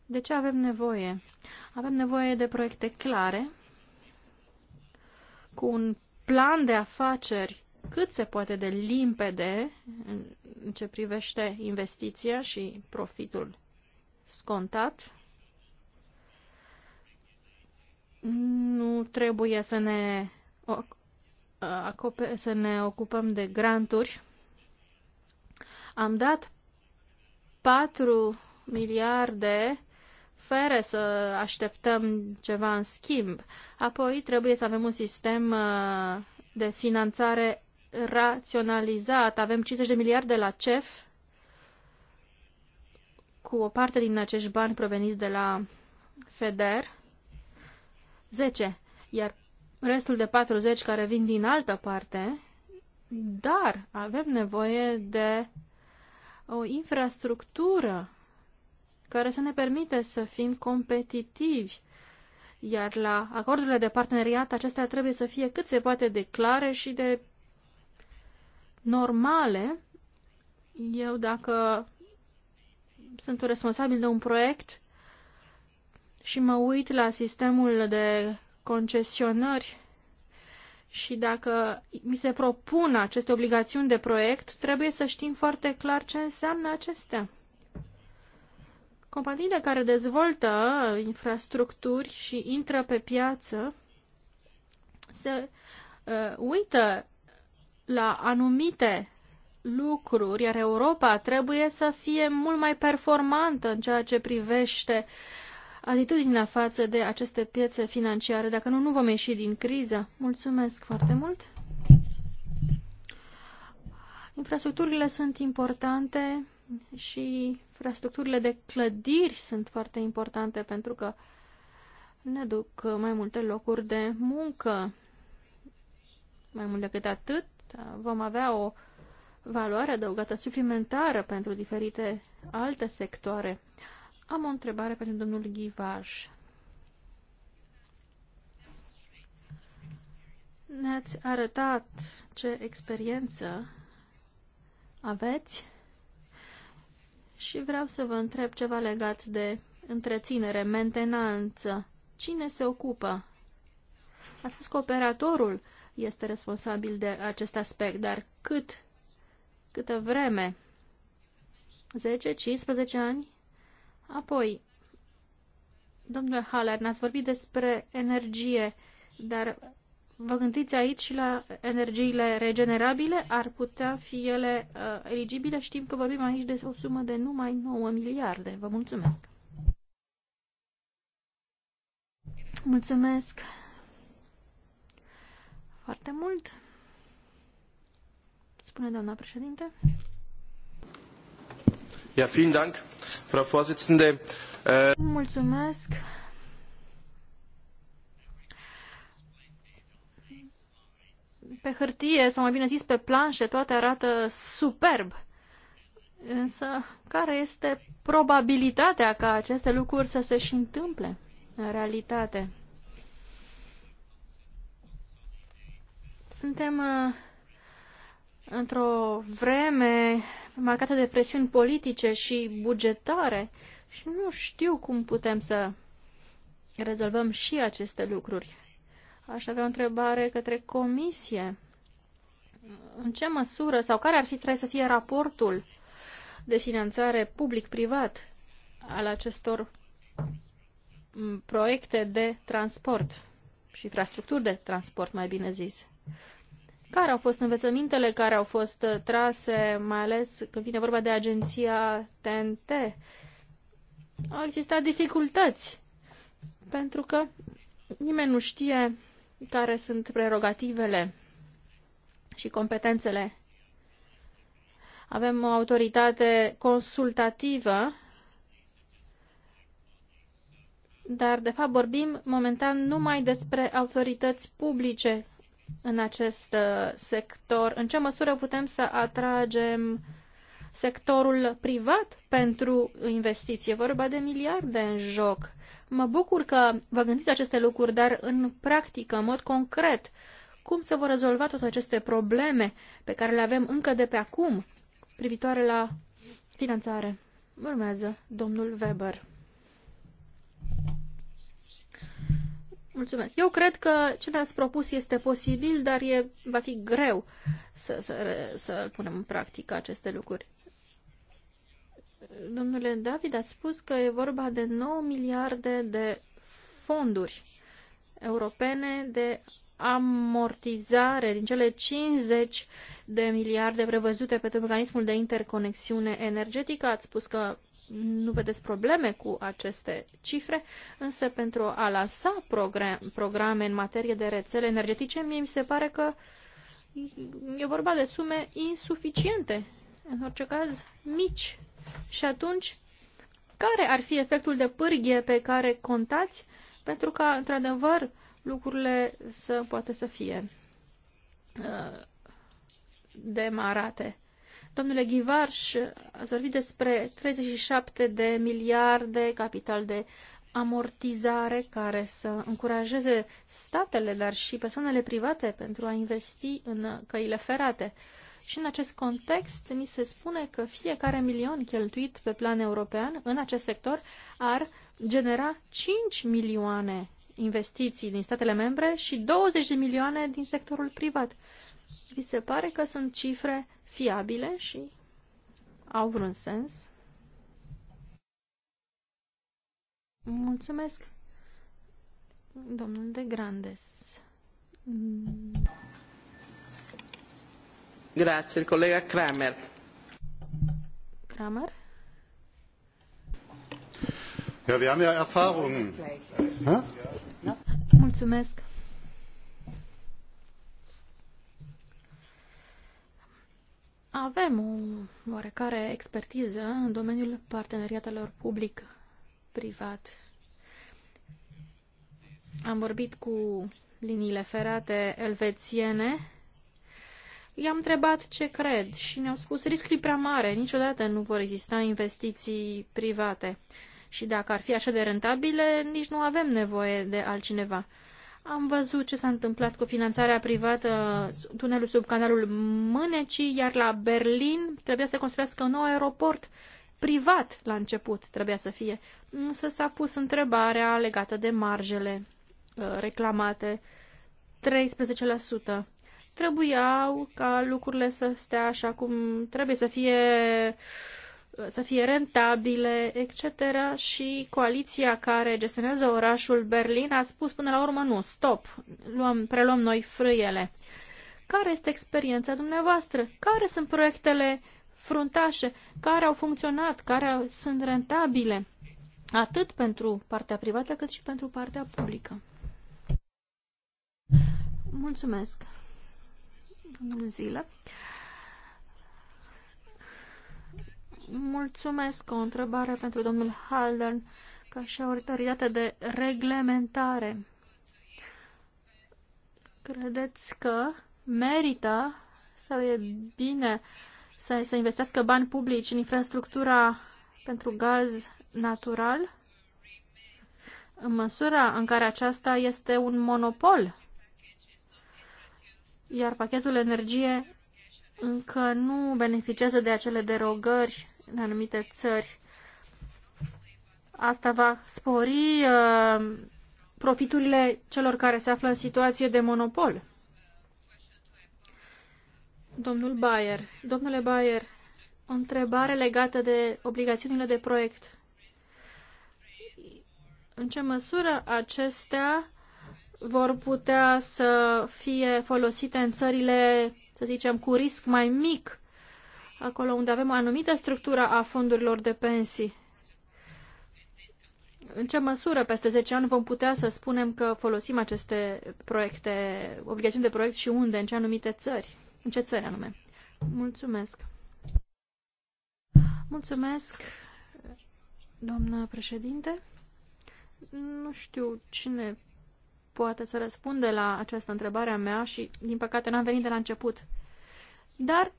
De ce avem nevoie? Avem nevoie de proiecte clare, cu un plan de afaceri cât se poate de limpede în ce privește investiția și profitul scontat nu trebuie să ne, să ne ocupăm de granturi. Am dat 4 miliarde fără să așteptăm ceva în schimb. Apoi trebuie să avem un sistem uh, de finanțare raționalizat. Avem 50 de miliarde la CEF, cu o parte din acești bani proveniți de la FEDER 10, iar restul de 40 care vin din altă parte, dar avem nevoie de o infrastructură care să ne permite să fim competitivi, iar la acordurile de parteneriat acestea trebuie să fie cât se poate de clare și de normale. Eu, dacă sunt responsabil de un proiect, și mă uit la sistemul de concesionări și dacă mi se propun aceste obligațiuni de proiect, trebuie să știm foarte clar ce înseamnă acestea. Companiile care dezvoltă infrastructuri și intră pe piață se uh, uită la anumite lucruri, iar Europa trebuie să fie mult mai performantă în ceea ce privește uh, atitudinea față de aceste piețe financiare. Dacă nu, nu vom ieși din criză. Mulțumesc foarte mult! Infrastructurile sunt importante și infrastructurile de clădiri sunt foarte importante pentru că ne duc mai multe locuri de muncă. Mai mult decât atât, vom avea o valoare adăugată suplimentară pentru diferite alte sectoare. Am o întrebare pentru domnul Ghivaș. Ne-ați arătat ce experiență aveți și vreau să vă întreb ceva legat de întreținere, mentenanță. Cine se ocupă? Ați spus că operatorul este responsabil de acest aspect, dar cât? Câtă vreme? 10, 15 ani? Apoi, domnule Haller, n-ați vorbit despre energie, dar vă gândiți aici și la energiile regenerabile? Ar putea fi ele uh, eligibile? Știm că vorbim aici de o sumă de numai 9 miliarde. Vă mulțumesc! Mulțumesc foarte mult, spune doamna președinte. Ja, vielen Dank, Frau Vorsitzende. Äh, Mulțumesc. Pe hârtie, sau mai bine zis pe planșe, toate arată superb. Însă, care este probabilitatea ca aceste lucruri să se și întâmple în realitate? Suntem uh, într-o vreme marcată de presiuni politice și bugetare și nu știu cum putem să rezolvăm și aceste lucruri. Aș avea o întrebare către comisie. În ce măsură sau care ar fi trebuit să fie raportul de finanțare public-privat al acestor proiecte de transport și infrastructuri de transport, mai bine zis? Care au fost învățămintele care au fost uh, trase, mai ales când vine vorba de agenția TNT? Au existat dificultăți, pentru că nimeni nu știe care sunt prerogativele și competențele. Avem o autoritate consultativă, dar de fapt vorbim momentan numai despre autorități publice în acest uh, sector? În ce măsură putem să atragem sectorul privat pentru investiție? Vorba de miliarde în joc. Mă bucur că vă gândiți aceste lucruri, dar în practică, în mod concret, cum se vor rezolva toate aceste probleme pe care le avem încă de pe acum privitoare la finanțare? Urmează domnul Weber. Mulțumesc. Eu cred că ce ne-ați propus este posibil, dar e, va fi greu să, să, să punem în practică aceste lucruri. Domnule David, ați spus că e vorba de 9 miliarde de fonduri europene de amortizare din cele 50 de miliarde prevăzute pentru mecanismul de interconexiune energetică. Ați spus că nu vedeți probleme cu aceste cifre, însă pentru a lansa programe în materie de rețele energetice, mie mi se pare că e vorba de sume insuficiente, în orice caz mici. Și atunci, care ar fi efectul de pârghie pe care contați pentru ca, într-adevăr, lucrurile să poată să fie uh, demarate? Domnule Ghivarș, ați vorbit despre 37 de miliarde capital de amortizare care să încurajeze statele, dar și persoanele private pentru a investi în căile ferate. Și în acest context, ni se spune că fiecare milion cheltuit pe plan european în acest sector ar genera 5 milioane investiții din statele membre și 20 de milioane din sectorul privat. Vi se pare că sunt cifre fiabile și au vreun sens? Mulțumesc, domnul de Grandes. Grazie, il collega Kramer. Kramer? Ja, wir haben ja Erfahrungen. Mulțumesc. Avem o oarecare expertiză în domeniul parteneriatelor public-privat. Am vorbit cu liniile ferate elvețiene. I-am întrebat ce cred și ne-au spus riscul e prea mare, niciodată nu vor exista investiții private. Și dacă ar fi așa de rentabile, nici nu avem nevoie de altcineva. Am văzut ce s-a întâmplat cu finanțarea privată tunelul sub canalul Mânecii, iar la Berlin trebuia să construiască un nou aeroport privat la început, trebuia să fie. Însă s-a pus întrebarea legată de marjele uh, reclamate, 13%. Trebuiau ca lucrurile să stea așa cum trebuie să fie uh, să fie rentabile, etc. Și coaliția care gestionează orașul Berlin a spus până la urmă nu, stop, luăm, preluăm noi frâiele. Care este experiența dumneavoastră? Care sunt proiectele fruntașe? Care au funcționat? Care sunt rentabile? Atât pentru partea privată cât și pentru partea publică. Mulțumesc. Domnul Mulțumesc. O întrebare pentru domnul Haldern ca și autoritate de reglementare. Credeți că merită sau e bine să, să investească bani publici în infrastructura pentru gaz natural? În măsura în care aceasta este un monopol, iar pachetul energie încă nu beneficiază de acele derogări în anumite țări. Asta va spori uh, profiturile celor care se află în situație de monopol. Domnul Bayer, domnule Bayer, o întrebare legată de obligațiunile de proiect. În ce măsură acestea vor putea să fie folosite în țările, să zicem, cu risc mai mic acolo unde avem o anumită structură a fondurilor de pensii. În ce măsură peste 10 ani vom putea să spunem că folosim aceste proiecte, obligațiuni de proiect și unde, în ce anumite țări? În ce țări anume? Mulțumesc. Mulțumesc, doamnă președinte. Nu știu cine poate să răspunde la această întrebare a mea și, din păcate, n-am venit de la început. Dar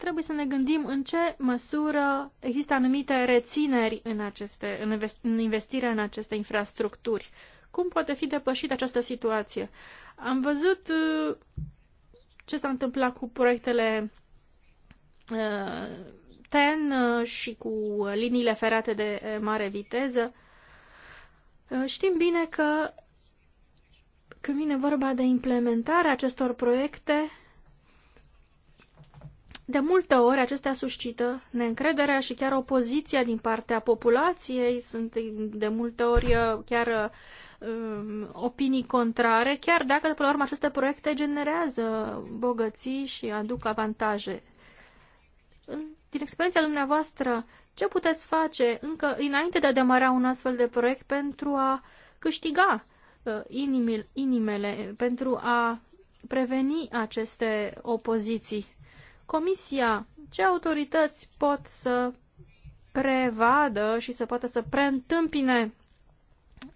trebuie să ne gândim în ce măsură există anumite rețineri în, aceste, în investirea în aceste infrastructuri. Cum poate fi depășită această situație? Am văzut uh, ce s-a întâmplat cu proiectele uh, TEN uh, și cu liniile ferate de mare viteză. Știm bine că când vine vorba de implementarea acestor proiecte, de multe ori acestea suscită neîncrederea și chiar opoziția din partea populației, sunt de multe ori uh, chiar um, opinii contrare, chiar dacă, până la urmă, aceste proiecte generează bogății și aduc avantaje. Din experiența dumneavoastră, ce puteți face încă înainte de a demara un astfel de proiect pentru a câștiga uh, inimile, inimele, pentru a preveni aceste opoziții? Comisia, ce autorități pot să prevadă și să poată să preîntâmpine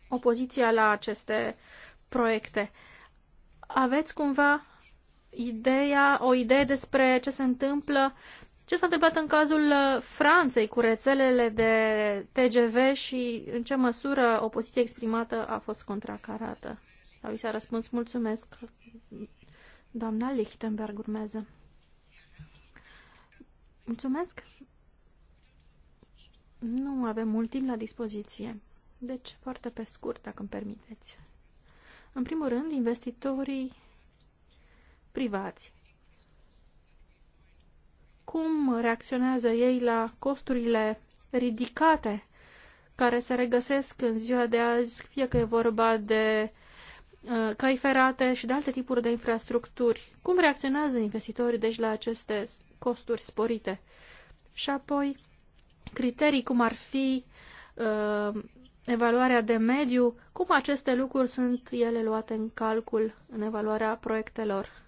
opoziția la aceste proiecte? Aveți cumva ideea, o idee despre ce se întâmplă, ce s-a întâmplat în cazul uh, Franței cu rețelele de TGV și în ce măsură opoziția exprimată a fost contracarată? Sau i s-a răspuns mulțumesc. Doamna Lichtenberg urmează. Mulțumesc. Nu avem mult timp la dispoziție, deci foarte pe scurt, dacă îmi permiteți. În primul rând, investitorii privați. Cum reacționează ei la costurile ridicate care se regăsesc în ziua de azi, fie că e vorba de uh, cai ferate și de alte tipuri de infrastructuri. Cum reacționează investitorii deci la aceste costuri sporite. Și apoi, criterii cum ar fi uh, evaluarea de mediu, cum aceste lucruri sunt ele luate în calcul în evaluarea proiectelor.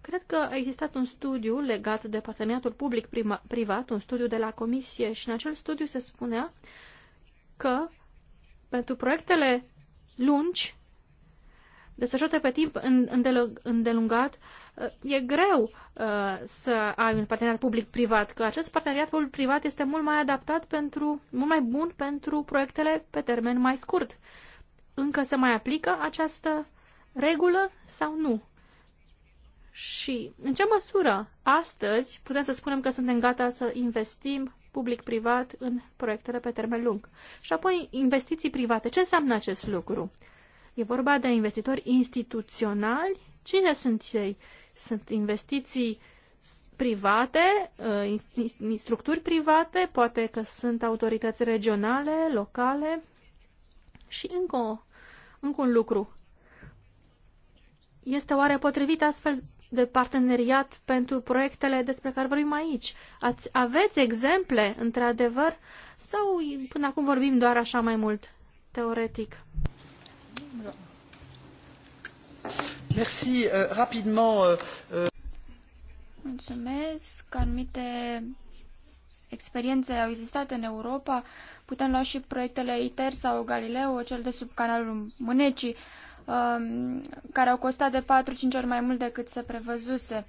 Cred că a existat un studiu legat de parteneriatul public-privat, un studiu de la Comisie și în acel studiu se spunea că pentru proiectele lungi desfășurate pe timp îndelungat, e greu uh, să ai un parteneriat public-privat, că acest parteneriat public-privat este mult mai adaptat pentru, mult mai bun pentru proiectele pe termen mai scurt. Încă se mai aplică această regulă sau nu? Și în ce măsură astăzi putem să spunem că suntem gata să investim public-privat în proiectele pe termen lung? Și apoi investiții private. Ce înseamnă acest lucru? E vorba de investitori instituționali. Cine sunt ei? Sunt investiții private, uh, structuri private, poate că sunt autorități regionale, locale. Și încă, o, încă un lucru. Este oare potrivit astfel de parteneriat pentru proiectele despre care vorbim aici? Ați, aveți exemple, într-adevăr, sau până acum vorbim doar așa mai mult, teoretic? Euh, rapidement. Euh, euh. Mulțumesc. Anumite experiențe au existat în Europa. Putem lua și proiectele ITER sau Galileo, cel de sub canalul Mânecii, um, care au costat de 4-5 ori mai mult decât se prevăzuse.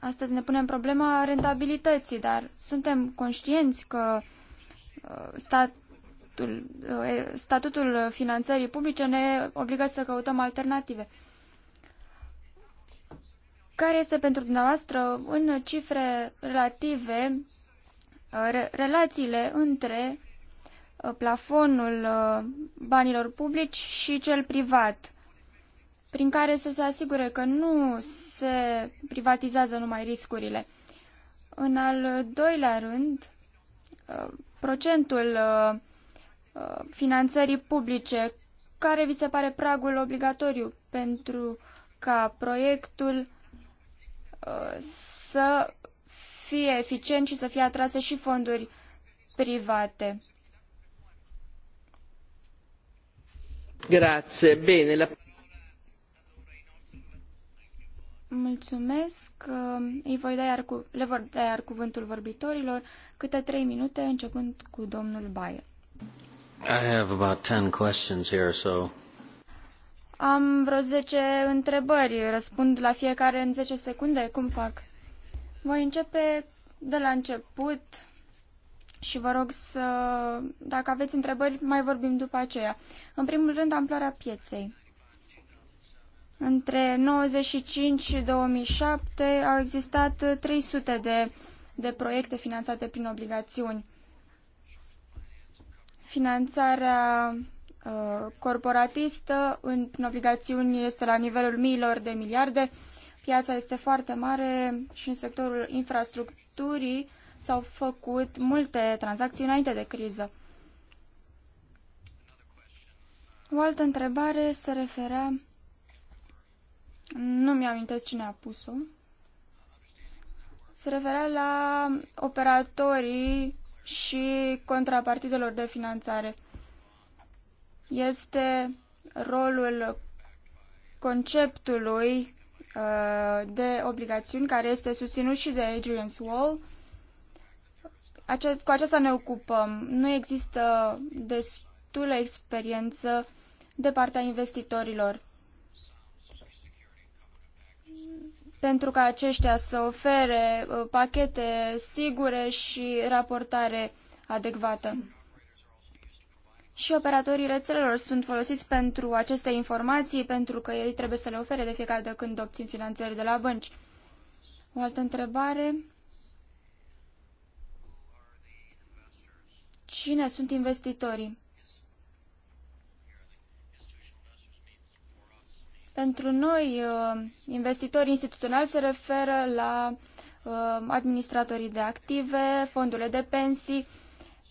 Astăzi ne punem problema rentabilității, dar suntem conștienți că uh, stat, statutul, eh, statutul finanțării publice ne obligă să căutăm alternative. Care este pentru dumneavoastră, în cifre relative, eh, re relațiile între eh, plafonul banilor publici și cel privat, prin care să se asigure că nu se privatizează numai riscurile. În al doilea rând, procentul Uh, finanțării publice, care vi se pare pragul obligatoriu pentru ca proiectul uh, să fie eficient și să fie atrase și fonduri private. Grazie, bine. La... Mulțumesc. Uh, îi voi da iar cu... Le voi da iar cuvântul vorbitorilor câte trei minute, începând cu domnul Bayer. I have about 10 questions here, so... Am vreo 10 întrebări. Răspund la fiecare în 10 secunde. Cum fac? Voi începe de la început și vă rog să, dacă aveți întrebări, mai vorbim după aceea. În primul rând, amploarea pieței. Între 95 și 2007 au existat 300 de, de proiecte finanțate prin obligațiuni. Finanțarea uh, corporatistă în obligațiuni este la nivelul miilor de miliarde. Piața este foarte mare și în sectorul infrastructurii s-au făcut multe tranzacții înainte de criză. O altă întrebare se referea... Nu mi-amintesc cine a pus-o. Se referea la operatorii și contrapartidelor de finanțare. Este rolul conceptului uh, de obligațiuni care este susținut și de Adrian's Wall. Acest, cu aceasta ne ocupăm. Nu există destulă experiență de partea investitorilor. pentru ca aceștia să ofere uh, pachete sigure și raportare adecvată. Și operatorii rețelelor sunt folosiți pentru aceste informații, pentru că ei trebuie să le ofere de fiecare dată când obțin finanțări de la bănci. O altă întrebare. Cine sunt investitorii? Pentru noi, uh, investitorii instituționali se referă la uh, administratorii de active, fondurile de pensii.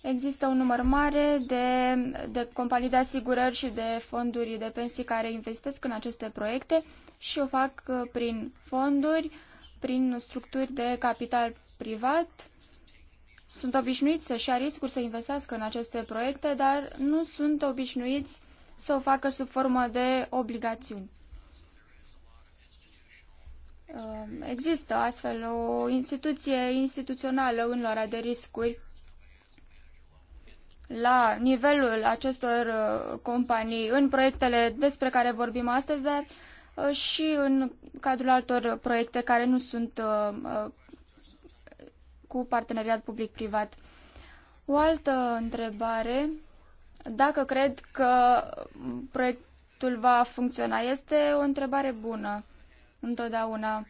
Există un număr mare de, de companii de asigurări și de fonduri de pensii care investesc în aceste proiecte și o fac uh, prin fonduri, prin structuri de capital privat. Sunt obișnuiți să-și ia riscuri să investească în aceste proiecte, dar nu sunt obișnuiți să o facă sub formă de obligațiuni. Um, există astfel o instituție instituțională în luarea de riscuri la nivelul acestor uh, companii în proiectele despre care vorbim astăzi, dar uh, și în cadrul altor proiecte care nu sunt uh, cu parteneriat public-privat. O altă întrebare, dacă cred că proiectul va funcționa, este o întrebare bună întotdeauna.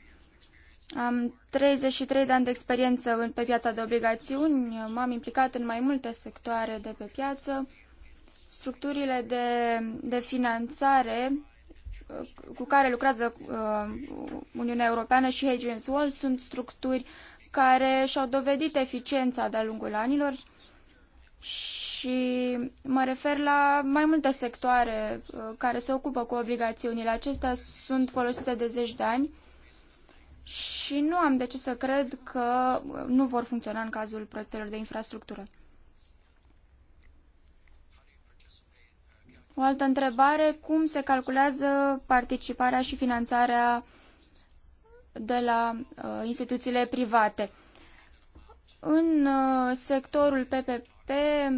Am 33 de ani de experiență pe piața de obligațiuni, m-am implicat în mai multe sectoare de pe piață. Structurile de, de finanțare uh, cu care lucrează uh, Uniunea Europeană și Hadrian's Wall sunt structuri care și-au dovedit eficiența de-a lungul anilor și mă refer la mai multe sectoare uh, care se ocupă cu obligațiunile. Acestea sunt folosite de zeci de ani și nu am de ce să cred că uh, nu vor funcționa în cazul proiectelor de infrastructură. O altă întrebare, cum se calculează participarea și finanțarea de la uh, instituțiile private? În uh, sectorul PPP pe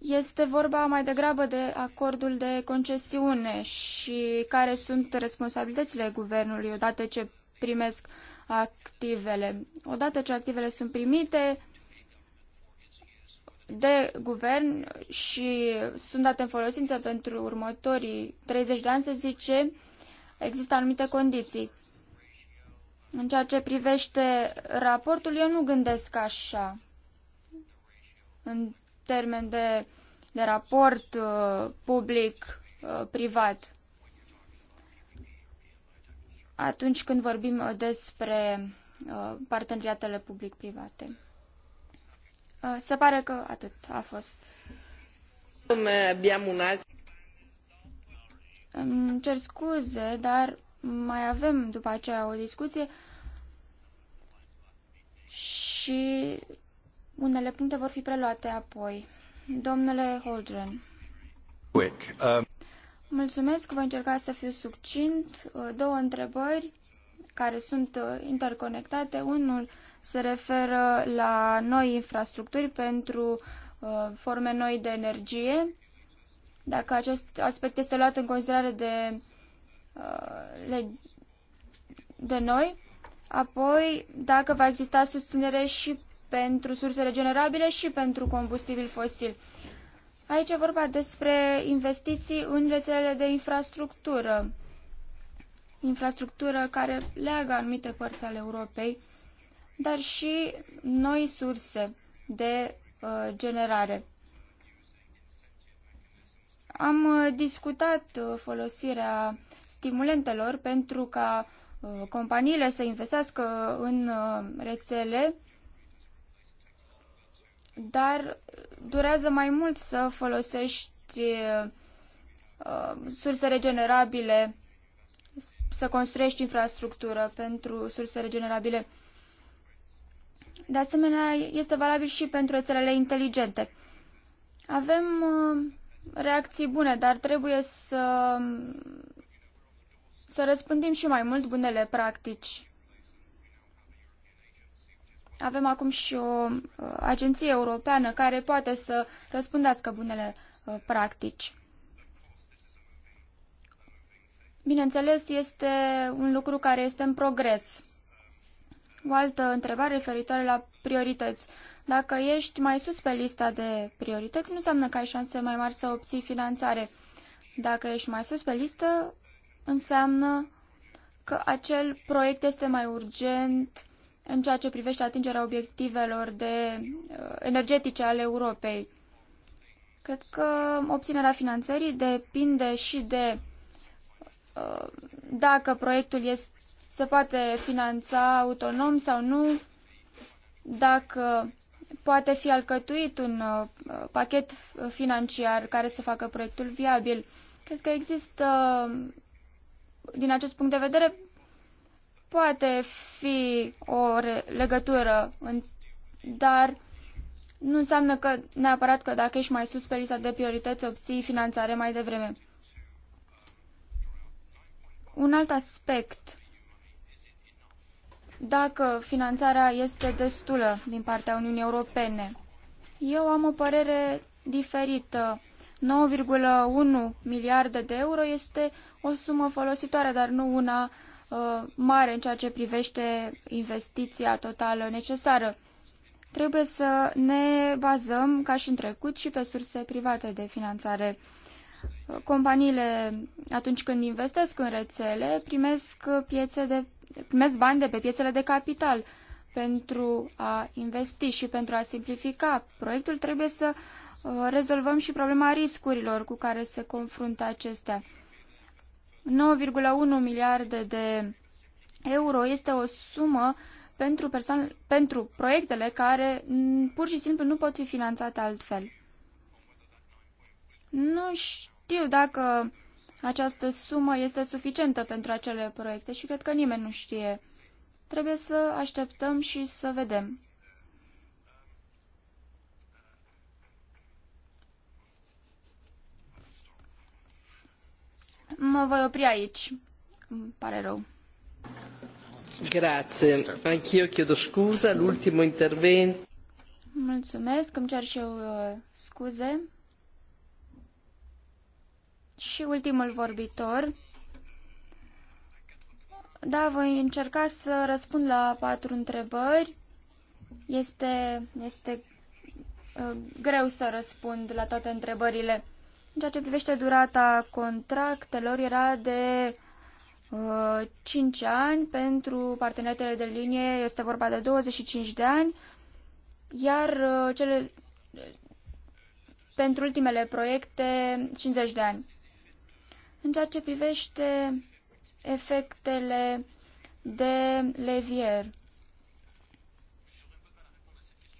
este vorba mai degrabă de acordul de concesiune și care sunt responsabilitățile guvernului odată ce primesc activele. Odată ce activele sunt primite de guvern și sunt date în folosință pentru următorii 30 de ani, se zice, există anumite condiții. În ceea ce privește raportul, eu nu gândesc așa în termen de, de raport uh, public-privat. Uh, Atunci când vorbim despre uh, parteneriatele public-private. Uh, se pare că atât a fost. un alt... Îmi cer scuze, dar mai avem după aceea o discuție și unele puncte vor fi preluate apoi. Domnule Holdren. Quick. Um... Mulțumesc, voi încerca să fiu succint. Două întrebări care sunt uh, interconectate. Unul se referă la noi infrastructuri pentru uh, forme noi de energie. Dacă acest aspect este luat în considerare de, uh, de noi, apoi dacă va exista susținere și pentru surse regenerabile și pentru combustibil fosil. Aici e vorba despre investiții în rețelele de infrastructură, infrastructură care leagă anumite părți ale Europei, dar și noi surse de uh, generare. Am uh, discutat uh, folosirea stimulentelor pentru ca uh, companiile să investească în rețele dar durează mai mult să folosești uh, surse regenerabile, să construiești infrastructură pentru surse regenerabile. De asemenea, este valabil și pentru rețelele inteligente. Avem uh, reacții bune, dar trebuie să, să răspândim și mai mult bunele practici avem acum și o uh, agenție europeană care poate să răspândească bunele uh, practici. Bineînțeles, este un lucru care este în progres. O altă întrebare referitoare la priorități. Dacă ești mai sus pe lista de priorități, nu înseamnă că ai șanse mai mari să obții finanțare. Dacă ești mai sus pe listă, înseamnă că acel proiect este mai urgent în ceea ce privește atingerea obiectivelor de, uh, energetice ale Europei. Cred că obținerea finanțării depinde și de uh, dacă proiectul este, se poate finanța autonom sau nu, dacă poate fi alcătuit un uh, pachet financiar care să facă proiectul viabil. Cred că există, din acest punct de vedere, Poate fi o legătură, dar nu înseamnă că neapărat că dacă ești mai sus pe lista de priorități, obții finanțare mai devreme. Un alt aspect, dacă finanțarea este destulă din partea Uniunii Europene, eu am o părere diferită. 9,1 miliarde de euro este o sumă folositoare, dar nu una Uh, mare în ceea ce privește investiția totală necesară. Trebuie să ne bazăm, ca și în trecut, și pe surse private de finanțare. Uh, companiile, atunci când investesc în rețele, primesc, piețe de, primesc bani de pe piețele de capital pentru a investi și pentru a simplifica proiectul, trebuie să uh, rezolvăm și problema riscurilor cu care se confruntă acestea. 9,1 miliarde de euro este o sumă pentru, persoane, pentru proiectele care pur și simplu nu pot fi finanțate altfel. Nu știu dacă această sumă este suficientă pentru acele proiecte și cred că nimeni nu știe. Trebuie să așteptăm și să vedem. Mă voi opri aici. Îmi pare rău. Grazie. Anch'io chiedo scusa, l'ultimo intervento. Mulțumesc, îmi cer și eu uh, scuze. Și ultimul vorbitor. Da, voi încerca să răspund la patru întrebări. Este, este uh, greu să răspund la toate întrebările. În ceea ce privește durata contractelor, era de uh, 5 ani, pentru parteneriatele de linie este vorba de 25 de ani, iar uh, cele, pentru ultimele proiecte 50 de ani. În ceea ce privește efectele de levier.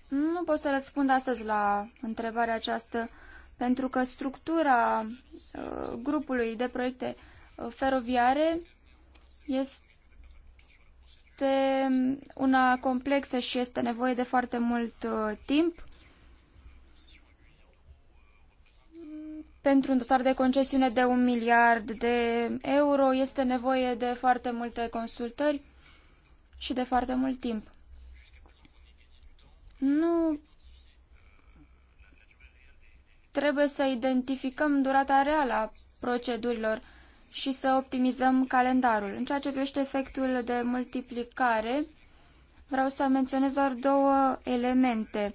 Nu pot să răspund astăzi la întrebarea aceasta pentru că structura uh, grupului de proiecte uh, feroviare este una complexă și este nevoie de foarte mult uh, timp. Pentru un dosar de concesiune de un miliard de euro este nevoie de foarte multe consultări și de foarte mult timp. Nu trebuie să identificăm durata reală a procedurilor și să optimizăm calendarul. În ceea ce privește efectul de multiplicare, vreau să menționez doar două elemente.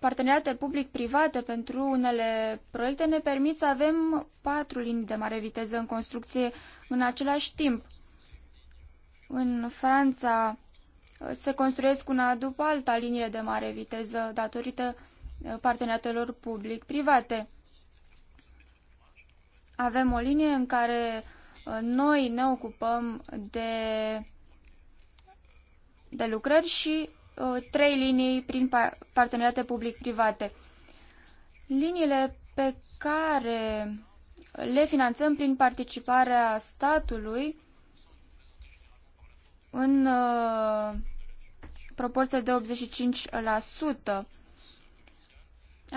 Parteneriate public-private pentru unele proiecte ne permit să avem patru linii de mare viteză în construcție în același timp. În Franța se construiesc una după alta liniile de mare viteză datorită parteneriatelor public-private. Avem o linie în care uh, noi ne ocupăm de, de lucrări și uh, trei linii prin parteneriate public-private. Liniile pe care le finanțăm prin participarea statului în uh, proporție de 85%.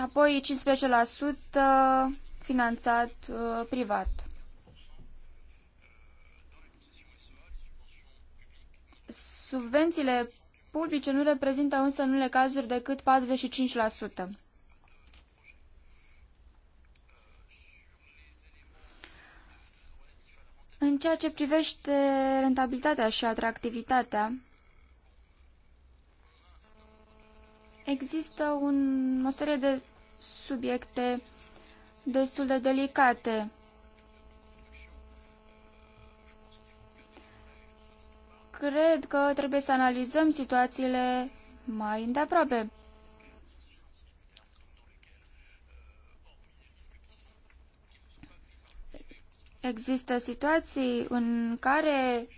Apoi 15% finanțat uh, privat. Subvențiile publice nu reprezintă însă în unele cazuri decât 45%. În ceea ce privește rentabilitatea și atractivitatea, Există un, o serie de subiecte destul de delicate. Cred că trebuie să analizăm situațiile mai îndeaproape. Există situații în care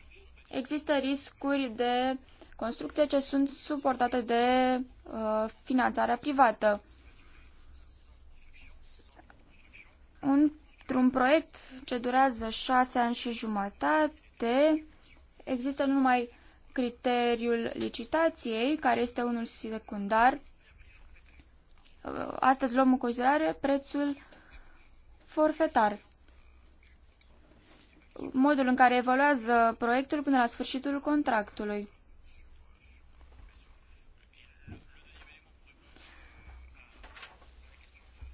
există riscuri de construcție ce sunt suportate de uh, finanțarea privată. Într-un proiect ce durează șase ani și jumătate, există nu numai criteriul licitației, care este unul secundar. Uh, astăzi luăm în considerare prețul forfetar. Modul în care evoluează proiectul până la sfârșitul contractului.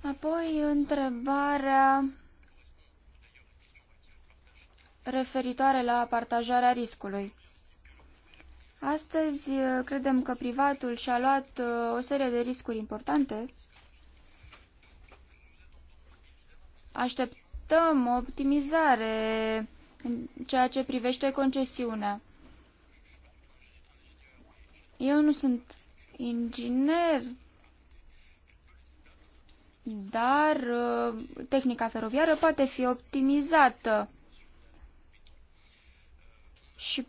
Apoi, întrebarea referitoare la partajarea riscului. Astăzi uh, credem că privatul și-a luat uh, o serie de riscuri importante. Așteptăm o optimizare în ceea ce privește concesiunea. Eu nu sunt inginer, dar uh, tehnica feroviară poate fi optimizată și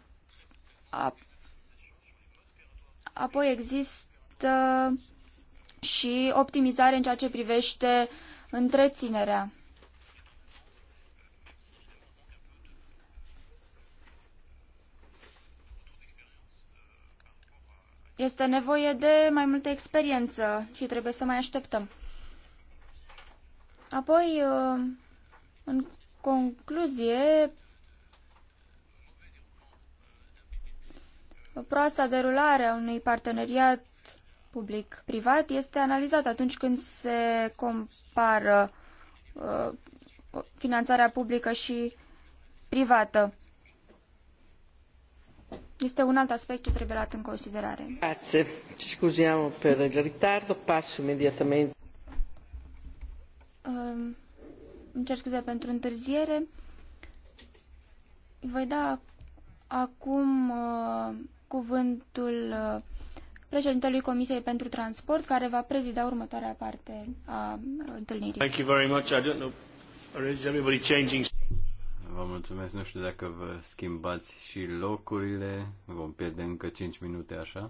apoi există și optimizare în ceea ce privește întreținerea. Este nevoie de mai multă experiență și trebuie să mai așteptăm. Apoi, uh, în concluzie, proasta derulare a unui parteneriat public-privat este analizată atunci când se compară uh, finanțarea publică și privată. Este un alt aspect ce trebuie luat în considerare. Grazie. Ci scusiamo per il ritardo. Passo immediatamente îmi cer scuze pentru întârziere. Voi da acum uh, cuvântul uh, președintelui Comisiei pentru Transport, care va prezida următoarea parte a uh, întâlnirii. Thank you very much. I don't know. Is everybody changing? Vă mulțumesc. Nu știu dacă vă schimbați și locurile. Vom pierde încă 5 minute așa.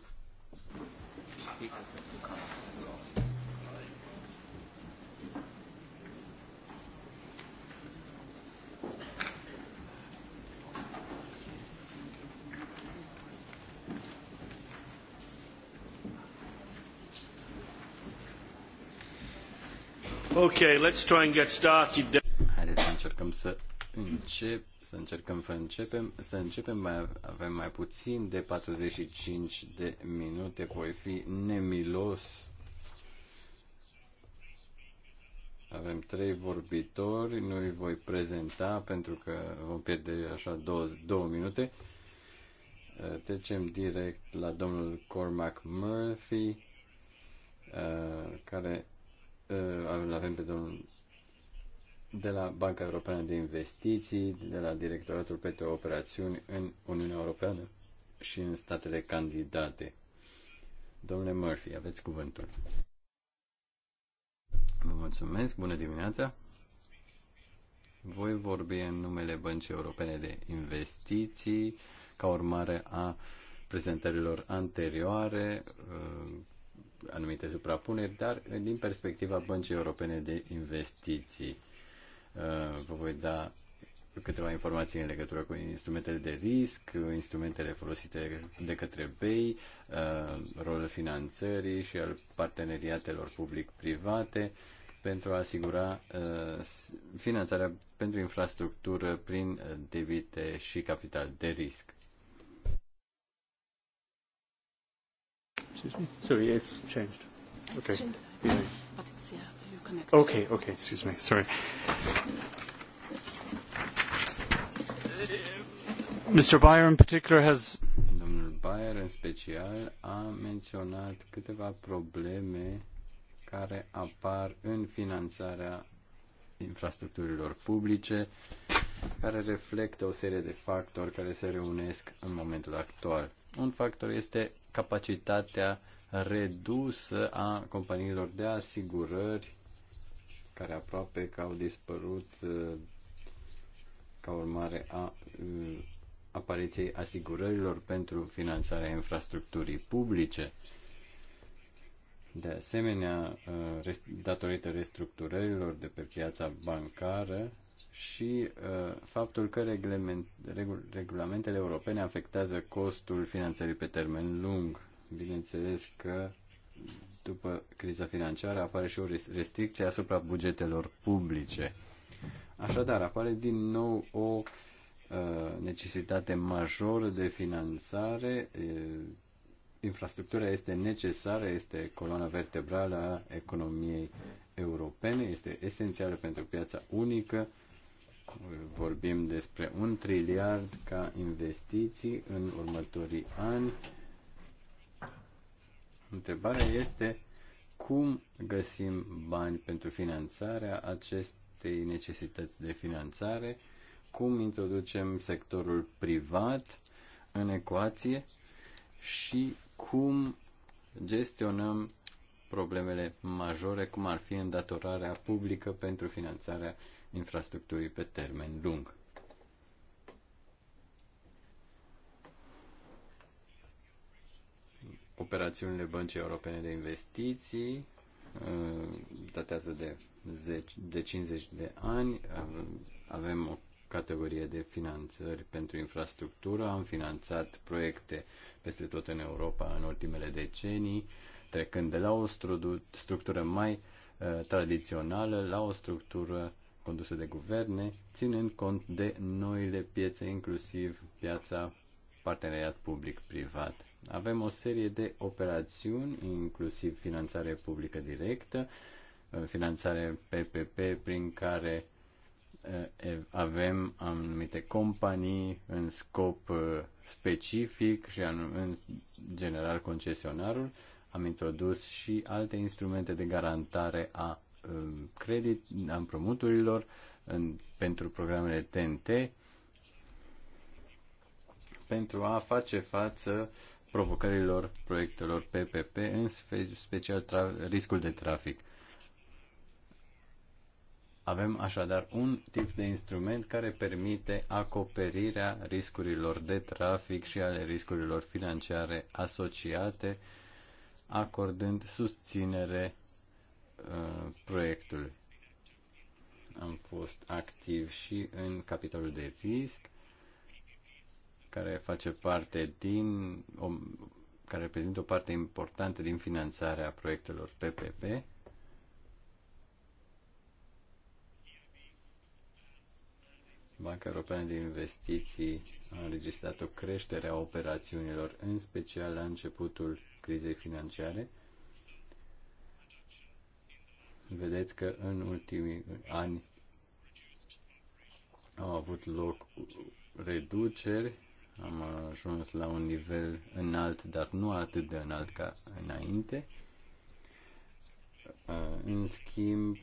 Ok, let's try and get started. Haideți să încercăm să încep, să încercăm să începem, să începem, mai avem mai puțin de 45 de minute, voi fi nemilos. Avem trei vorbitori, nu îi voi prezenta pentru că vom pierde așa două, două minute. Uh, trecem direct la domnul Cormac Murphy, uh, care îl uh, avem pe domnul de la Banca Europeană de Investiții, de la Directoratul pentru Operațiuni în Uniunea Europeană și în statele candidate. Domnule Murphy, aveți cuvântul. Vă mulțumesc, bună dimineața! Voi vorbi în numele Băncii Europene de Investiții, ca urmare a prezentărilor anterioare uh, anumite suprapuneri, dar eh, din perspectiva Băncii Europene de Investiții. Eh, vă voi da câteva informații în legătură cu instrumentele de risc, instrumentele folosite de către BEI, eh, rolul finanțării și al parteneriatelor public-private pentru a asigura finanțarea pentru infrastructură prin debite și capital de risc. Excuse me? Sorry, it's changed. Okay. It's changed. Yeah. But it's, yeah, you connect. Okay, okay, excuse me. Sorry. Mr. Bayer in particular has Domnul Bayer în special a menționat câteva probleme care apar în finanțarea infrastructurilor publice, care reflectă o serie de factori care se reunesc în momentul actual. Un factor este capacitatea redusă a companiilor de asigurări, care aproape că au dispărut uh, ca urmare a uh, apariției asigurărilor pentru finanțarea infrastructurii publice. De asemenea, uh, datorită restructurărilor de pe piața bancară, și uh, faptul că reglement, regul, regulamentele europene afectează costul finanțării pe termen lung. Bineînțeles că după criza financiară apare și o restricție asupra bugetelor publice. Așadar, apare din nou o uh, necesitate majoră de finanțare. Uh, infrastructura este necesară, este coloana vertebrală a economiei europene, este esențială pentru piața unică vorbim despre un triliard ca investiții în următorii ani. Întrebarea este cum găsim bani pentru finanțarea acestei necesități de finanțare, cum introducem sectorul privat în ecuație și cum gestionăm problemele majore, cum ar fi îndatorarea publică pentru finanțarea infrastructurii pe termen lung. Operațiunile Băncii Europene de Investiții uh, datează de, 10, de 50 de ani. Uh, avem o categorie de finanțări pentru infrastructură. Am finanțat proiecte peste tot în Europa în ultimele decenii trecând de la o structură mai uh, tradițională la o structură condusă de guverne, ținând cont de noile piețe, inclusiv piața parteneriat public-privat. Avem o serie de operațiuni, inclusiv finanțare publică directă, uh, finanțare PPP, prin care uh, avem anumite companii în scop specific și în general concesionarul am introdus și alte instrumente de garantare a um, credit, a împrumuturilor pentru programele TNT pentru a face față provocărilor proiectelor PPP, în special tra- riscul de trafic. Avem așadar un tip de instrument care permite acoperirea riscurilor de trafic și ale riscurilor financiare asociate acordând susținere uh, proiectului. Am fost activ și în capitolul de risc, care face parte din, o, care reprezintă o parte importantă din finanțarea proiectelor PPP. Banca Europeană de Investiții a înregistrat o creștere a operațiunilor, în special la începutul crizei financiare, vedeți că în ultimii ani au avut loc reduceri, am ajuns la un nivel înalt, dar nu atât de înalt ca înainte. În schimb,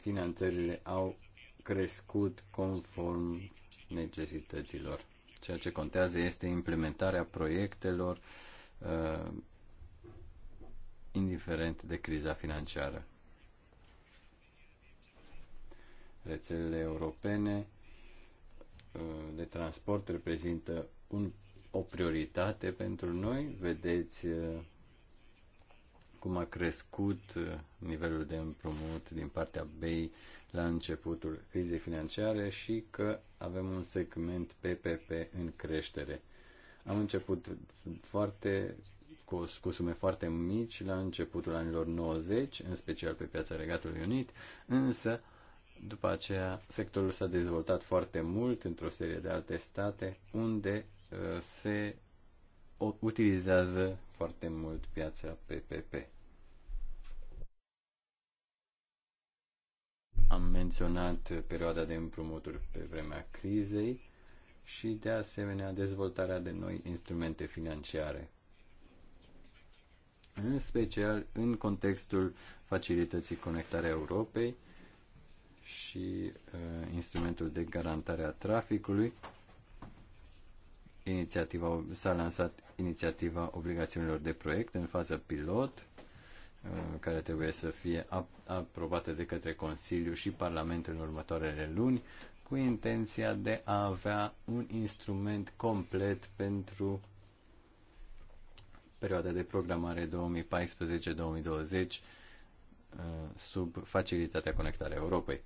finanțările au crescut conform necesităților. Ceea ce contează este implementarea proiectelor, uh, indiferent de criza financiară. Rețelele europene uh, de transport reprezintă un, o prioritate pentru noi. Vedeți uh, cum a crescut uh, nivelul de împrumut din partea BEI la începutul crizei financiare și că avem un segment PPP în creștere. Am început foarte cu, cu sume foarte mici la începutul anilor 90, în special pe piața Regatului Unit, însă după aceea sectorul s-a dezvoltat foarte mult într-o serie de alte state unde uh, se utilizează foarte mult piața PPP. Am menționat perioada de împrumuturi pe vremea crizei și, de asemenea, dezvoltarea de noi instrumente financiare, în special în contextul facilității conectarea Europei și uh, instrumentul de garantare a traficului, inițiativa, s-a lansat inițiativa obligațiunilor de proiect în fază pilot, uh, care trebuie să fie aprobată de către Consiliu și Parlament în următoarele luni, cu intenția de a avea un instrument complet pentru perioada de programare 2014-2020 uh, sub facilitatea conectarea Europei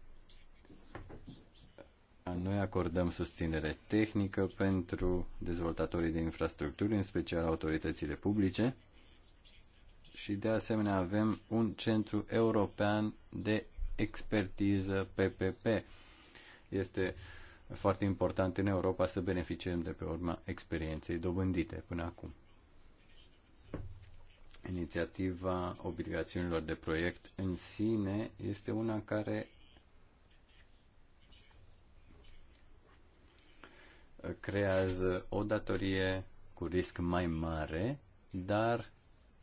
noi acordăm susținere tehnică pentru dezvoltatorii de infrastructuri, în special autoritățile publice, și de asemenea avem un centru european de expertiză PPP. Este foarte important în Europa să beneficiem de pe urma experienței dobândite până acum. Inițiativa obligațiunilor de proiect în sine este una care creează o datorie cu risc mai mare, dar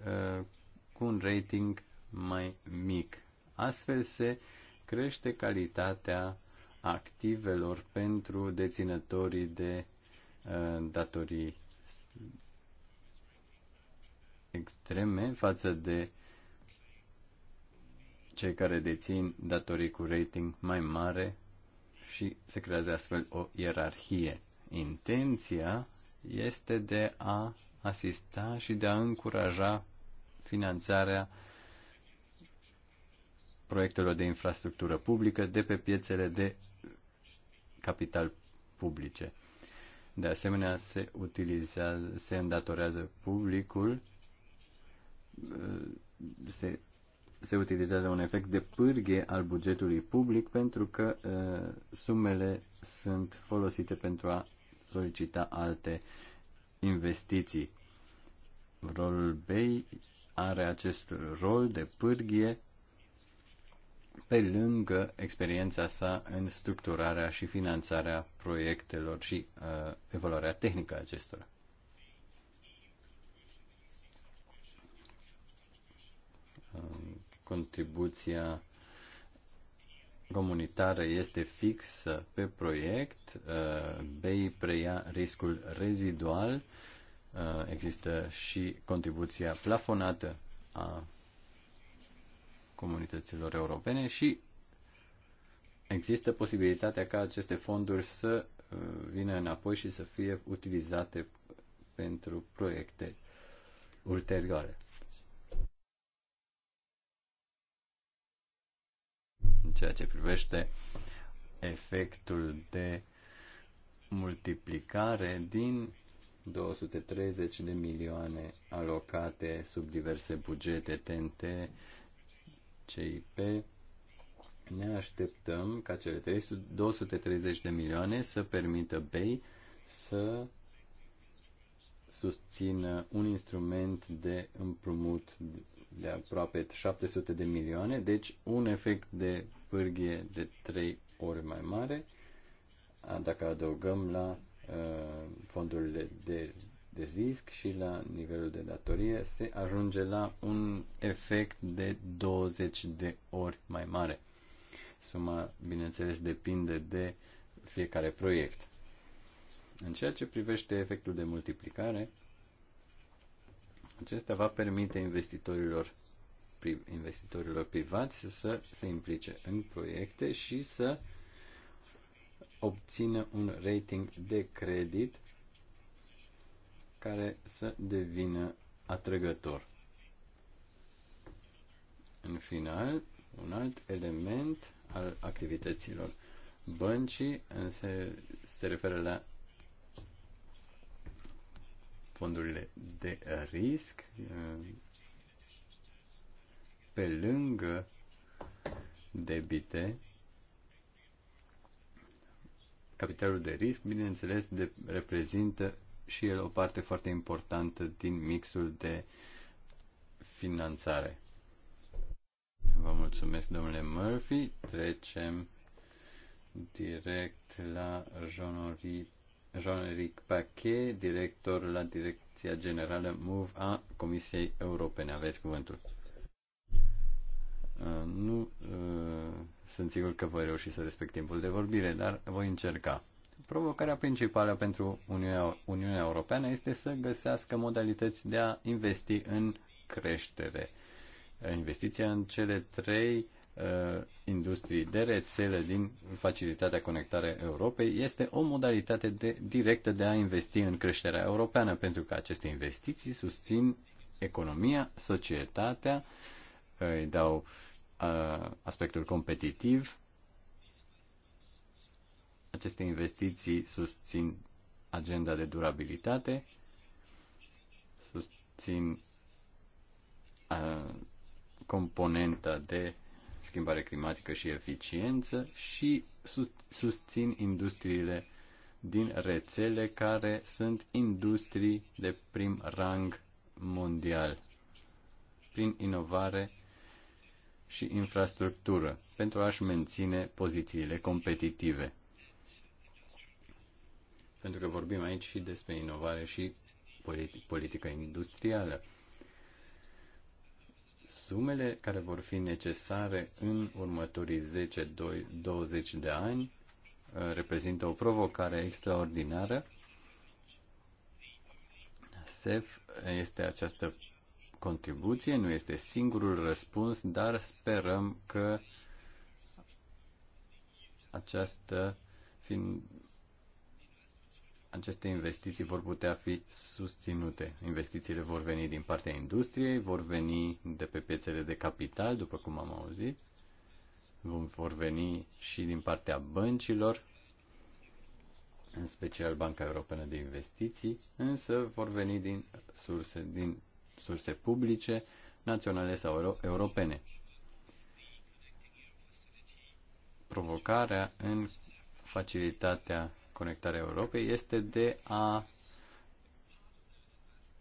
uh, cu un rating mai mic. Astfel se crește calitatea activelor pentru deținătorii de uh, datorii extreme față de cei care dețin datorii cu rating mai mare și se creează astfel o ierarhie. Intenția este de a asista și de a încuraja finanțarea proiectelor de infrastructură publică de pe piețele de capital publice. De asemenea, se utilizează, se îndatorează publicul, uh, se, se utilizează un efect de pârghie al bugetului public pentru că uh, sumele sunt folosite pentru a solicita alte investiții. Rolul BEI are acest rol de pârghie pe lângă experiența sa în structurarea și finanțarea proiectelor și uh, evaluarea tehnică a acestora. Um, contribuția comunitară este fixă pe proiect, uh, BEI preia riscul rezidual, uh, există și contribuția plafonată a comunităților europene și există posibilitatea ca aceste fonduri să uh, vină înapoi și să fie utilizate pentru proiecte ulterioare. în ceea ce privește efectul de multiplicare din 230 de milioane alocate sub diverse bugete TNT, CIP, ne așteptăm ca cele 230 de milioane să permită BEI să susțină un instrument de împrumut de aproape 700 de milioane, deci un efect de pârghie de 3 ori mai mare, dacă adăugăm la uh, fondurile de, de risc și la nivelul de datorie, se ajunge la un efect de 20 de ori mai mare. Suma, bineînțeles, depinde de fiecare proiect. În ceea ce privește efectul de multiplicare, acesta va permite investitorilor, investitorilor privați să se implice în proiecte și să obțină un rating de credit care să devină atrăgător. În final, un alt element al activităților băncii se, se referă la fondurile de risc, eh, pe lângă debite, capitalul de risc, bineînțeles, de, reprezintă și el o parte foarte importantă din mixul de finanțare. Vă mulțumesc, domnule Murphy. Trecem direct la Jean-Henri Jean-Éric Paquet, director la Direcția Generală MOVE a Comisiei Europene. Aveți cuvântul. Uh, nu uh, sunt sigur că voi reuși să respect timpul de vorbire, dar voi încerca. Provocarea principală pentru Uniunea, Uniunea Europeană este să găsească modalități de a investi în creștere. Investiția în cele trei uh, Uh, industriei de rețele din facilitatea conectare Europei este o modalitate de, directă de a investi în creșterea europeană, pentru că aceste investiții susțin economia, societatea, îi dau uh, aspectul competitiv. Aceste investiții susțin agenda de durabilitate, susțin uh, componenta de schimbare climatică și eficiență și susțin industriile din rețele care sunt industrii de prim rang mondial prin inovare și infrastructură pentru a-și menține pozițiile competitive. Pentru că vorbim aici și despre inovare și politică industrială sumele care vor fi necesare în următorii 10-20 de ani uh, reprezintă o provocare extraordinară. SEF este această contribuție, nu este singurul răspuns, dar sperăm că această aceste investiții vor putea fi susținute. Investițiile vor veni din partea industriei, vor veni de pe piețele de capital, după cum am auzit, vor veni și din partea băncilor, în special Banca Europeană de Investiții, însă vor veni din surse, din surse publice, naționale sau euro- europene. Provocarea în facilitatea Conectarea Europei este de a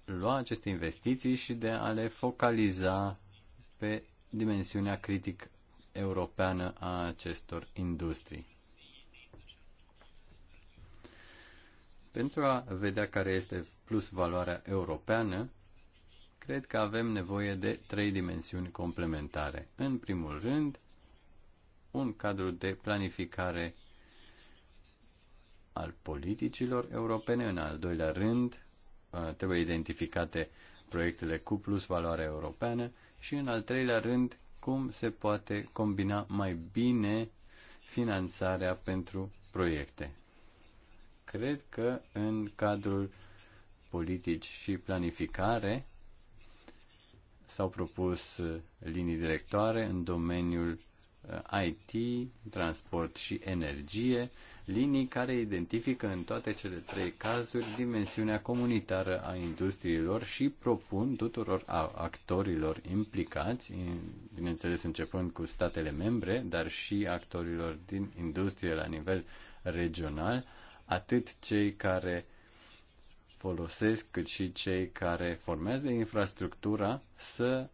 lua aceste investiții și de a le focaliza pe dimensiunea critic europeană a acestor industrii. Pentru a vedea care este plus valoarea europeană, cred că avem nevoie de trei dimensiuni complementare. În primul rând, un cadru de planificare al politicilor europene. În al doilea rând, uh, trebuie identificate proiectele cu plus valoare europeană și în al treilea rând, cum se poate combina mai bine finanțarea pentru proiecte. Cred că în cadrul politici și planificare s-au propus uh, linii directoare în domeniul uh, IT, transport și energie, linii care identifică în toate cele trei cazuri dimensiunea comunitară a industriilor și propun tuturor actorilor implicați, bineînțeles începând cu statele membre, dar și actorilor din industrie la nivel regional, atât cei care folosesc cât și cei care formează infrastructura să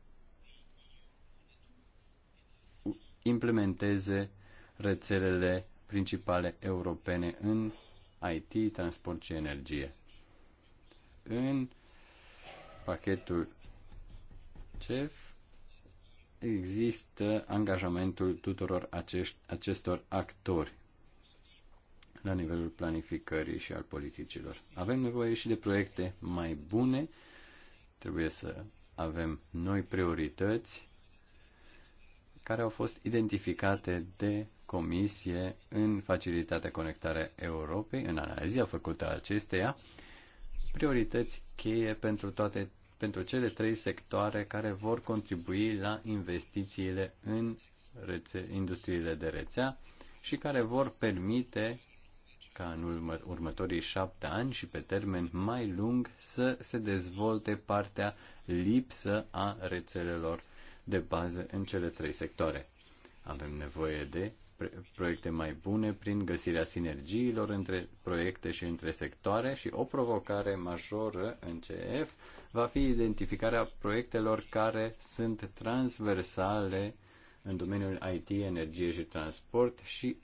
implementeze rețelele principale europene în IT, transport și energie. În pachetul CEF există angajamentul tuturor acești, acestor actori la nivelul planificării și al politicilor. Avem nevoie și de proiecte mai bune, trebuie să avem noi priorități care au fost identificate de comisie în facilitatea conectare Europei, în analiza făcută a acesteia, priorități cheie pentru toate pentru cele trei sectoare care vor contribui la investițiile în rețe, industriile de rețea și care vor permite ca în urmă, următorii șapte ani și pe termen mai lung să se dezvolte partea lipsă a rețelelor de bază în cele trei sectoare. Avem nevoie de proiecte mai bune prin găsirea sinergiilor între proiecte și între sectoare și o provocare majoră în CF va fi identificarea proiectelor care sunt transversale în domeniul IT, energie și transport și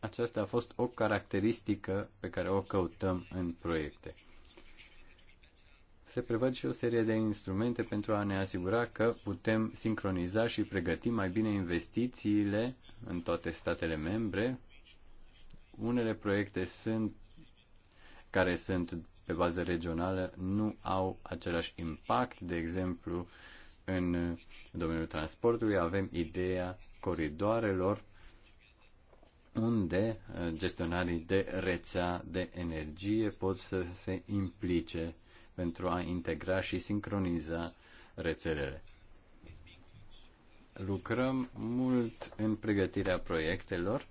aceasta a fost o caracteristică pe care o căutăm în proiecte se prevăd și o serie de instrumente pentru a ne asigura că putem sincroniza și pregăti mai bine investițiile în toate statele membre. Unele proiecte sunt care sunt pe bază regională nu au același impact, de exemplu, în domeniul transportului avem ideea coridoarelor unde uh, gestionarii de rețea de energie pot să se implice pentru a integra și sincroniza rețelele. Lucrăm mult în pregătirea proiectelor.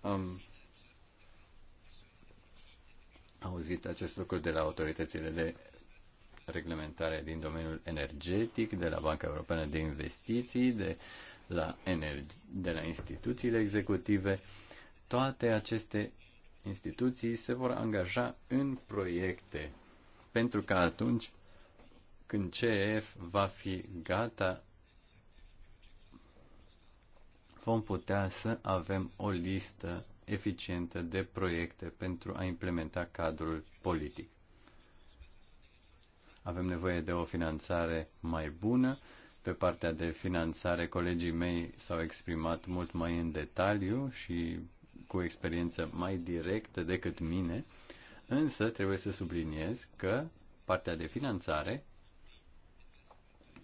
Am auzit acest lucru de la autoritățile de reglementare din domeniul energetic, de la Banca Europeană de Investiții, de la, energi- de la instituțiile executive. Toate aceste instituții se vor angaja în proiecte, pentru că atunci când CEF va fi gata, vom putea să avem o listă eficientă de proiecte pentru a implementa cadrul politic. Avem nevoie de o finanțare mai bună. Pe partea de finanțare, colegii mei s-au exprimat mult mai în detaliu și cu experiență mai directă decât mine, însă trebuie să subliniez că partea de finanțare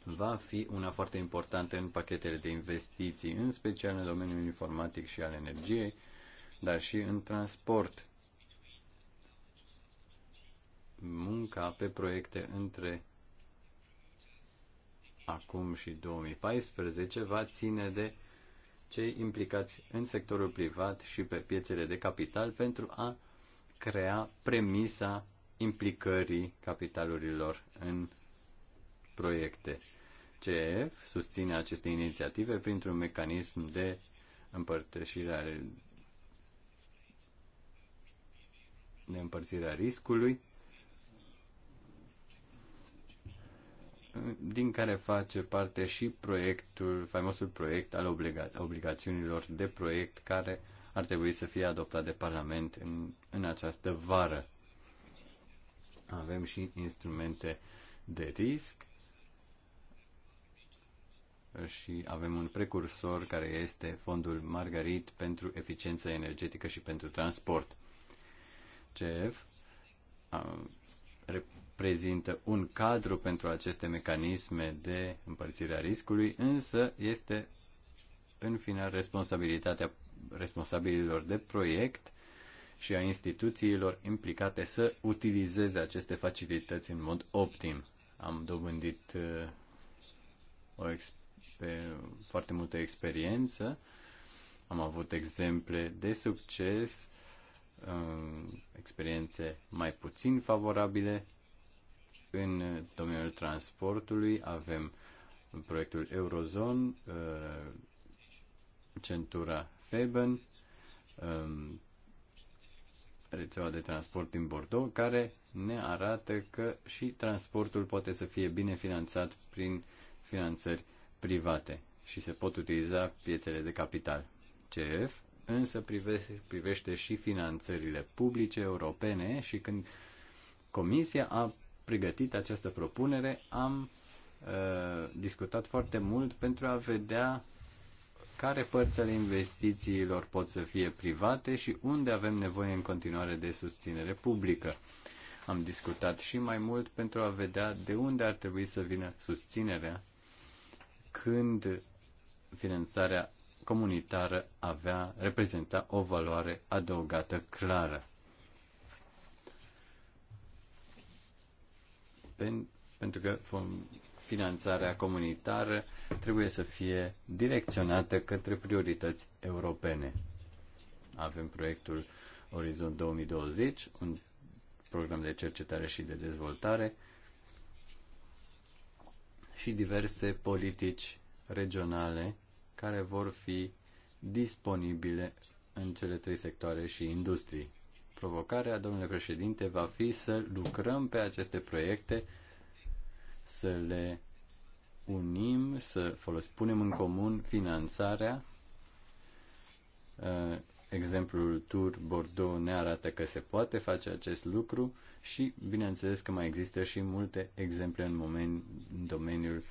va fi una foarte importantă în pachetele de investiții, în special în domeniul informatic și al energiei, dar și în transport. Munca pe proiecte între acum și 2014 va ține de cei implicați în sectorul privat și pe piețele de capital pentru a crea premisa implicării capitalurilor în proiecte. CEF susține aceste inițiative printr-un mecanism de împărtășire de împărțirea riscului din care face parte și proiectul, faimosul proiect al obliga- obligațiunilor de proiect care ar trebui să fie adoptat de Parlament în, în această vară. Avem și instrumente de risc și avem un precursor care este fondul Margarit pentru eficiență energetică și pentru transport. CF prezintă un cadru pentru aceste mecanisme de împărțire a riscului, însă este în final responsabilitatea responsabililor de proiect și a instituțiilor implicate să utilizeze aceste facilități în mod optim. Am dobândit uh, o foarte multă experiență, am avut exemple de succes, uh, experiențe mai puțin favorabile în domeniul transportului avem proiectul Eurozone, uh, centura Feben, um, rețeaua de transport din Bordeaux, care ne arată că și transportul poate să fie bine finanțat prin finanțări private și se pot utiliza piețele de capital. CF însă privește, privește și finanțările publice europene și când Comisia a pregătit această propunere, am uh, discutat foarte mult pentru a vedea care părți ale investițiilor pot să fie private și unde avem nevoie în continuare de susținere publică. Am discutat și mai mult pentru a vedea de unde ar trebui să vină susținerea când finanțarea comunitară avea reprezenta o valoare adăugată clară. europeni, pentru că finanțarea comunitară trebuie să fie direcționată către priorități europene. Avem proiectul Orizont 2020, un program de cercetare și de dezvoltare și diverse politici regionale care vor fi disponibile în cele trei sectoare și industrii provocarea, domnule președinte, va fi să lucrăm pe aceste proiecte, să le unim, să folos, punem în comun finanțarea. Uh, exemplul Tur Bordeaux ne arată că se poate face acest lucru și, bineînțeles, că mai există și multe exemple în, moment, în domeniul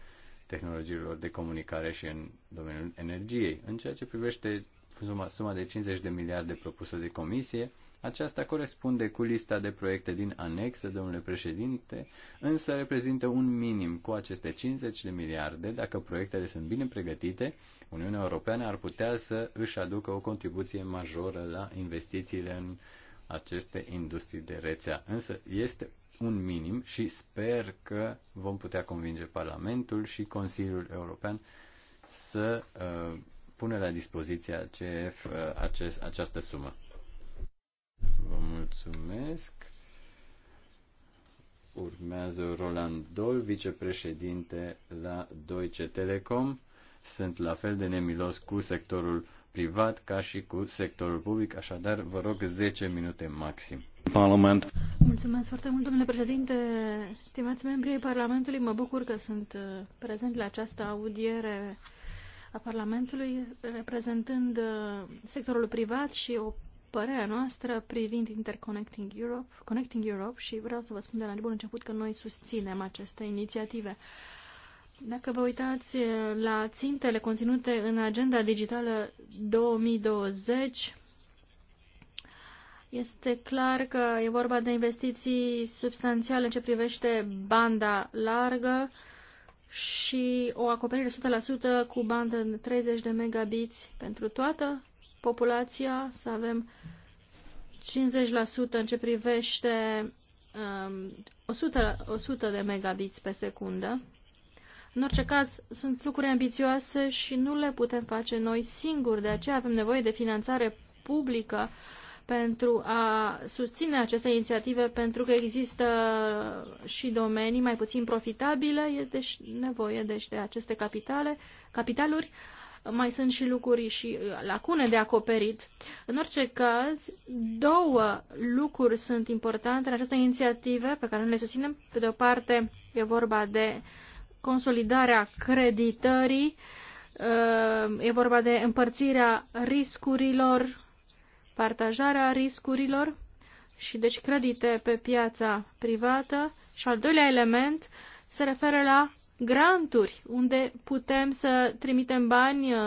tehnologiilor de comunicare și în domeniul energiei. În ceea ce privește suma, suma de 50 de miliarde propusă de comisie, aceasta corespunde cu lista de proiecte din anexă, domnule președinte, însă reprezintă un minim cu aceste 50 de miliarde. Dacă proiectele sunt bine pregătite, Uniunea Europeană ar putea să își aducă o contribuție majoră la investițiile în aceste industrii de rețea. Însă este un minim și sper că vom putea convinge Parlamentul și Consiliul European să uh, pună la dispoziția CF uh, acest, această sumă. Vă mulțumesc. Urmează Roland Dol, vicepreședinte la Deutsche Telekom. Sunt la fel de nemilos cu sectorul privat ca și cu sectorul public, așadar vă rog 10 minute maxim. Parlament. Mulțumesc foarte mult, domnule președinte, stimați membrii Parlamentului, mă bucur că sunt uh, prezent la această audiere a Parlamentului, reprezentând uh, sectorul privat și o părerea noastră privind Interconnecting Europe, Connecting Europe și vreau să vă spun de la bun început că noi susținem aceste inițiative. Dacă vă uitați eh, la țintele conținute în Agenda Digitală 2020, este clar că e vorba de investiții substanțiale în ce privește banda largă și o acoperire 100% cu bandă de 30 de megabiți pentru toată populația, să avem 50% în ce privește um, 100, 100 de megabits pe secundă. În orice caz, sunt lucruri ambițioase și nu le putem face noi singuri, de aceea avem nevoie de finanțare publică pentru a susține aceste inițiative, pentru că există și domenii mai puțin profitabile, e deci nevoie deci de aceste capitale, capitaluri. Uh, mai sunt și lucruri și uh, lacune de acoperit. În orice caz, două lucruri sunt importante în această inițiativă pe care noi le susținem. Pe de o parte, e vorba de consolidarea creditării, uh, e vorba de împărțirea riscurilor, partajarea riscurilor și deci credite pe piața privată și al doilea element se referă la granturi, unde putem să trimitem bani uh,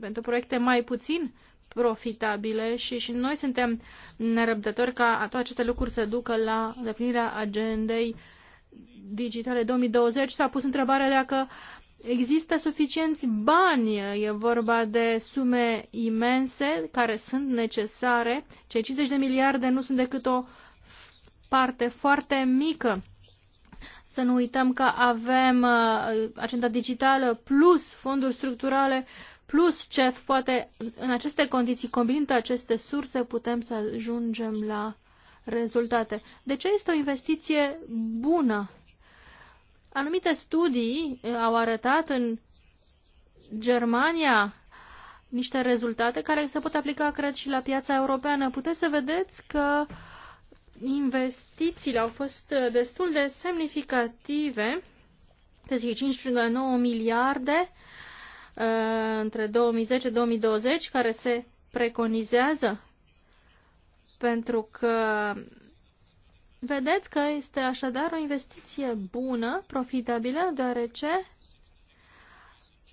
pentru proiecte mai puțin profitabile și, și noi suntem nerăbdători ca toate aceste lucruri să ducă la îndeplinirea agendei digitale 2020. S-a pus întrebarea dacă există suficienți bani, e vorba de sume imense care sunt necesare. Cei 50 de miliarde nu sunt decât o parte foarte mică să nu uităm că avem uh, agenda digitală plus fonduri structurale plus CEF. Poate în aceste condiții, combinând aceste surse, putem să ajungem la rezultate. De ce este o investiție bună? Anumite studii uh, au arătat în Germania niște rezultate care se pot aplica, cred, și la piața europeană. Puteți să vedeți că uh, investițiile au fost uh, destul de semnificative, 35,9 miliarde uh, între 2010-2020 care se preconizează pentru că vedeți că este așadar o investiție bună, profitabilă, deoarece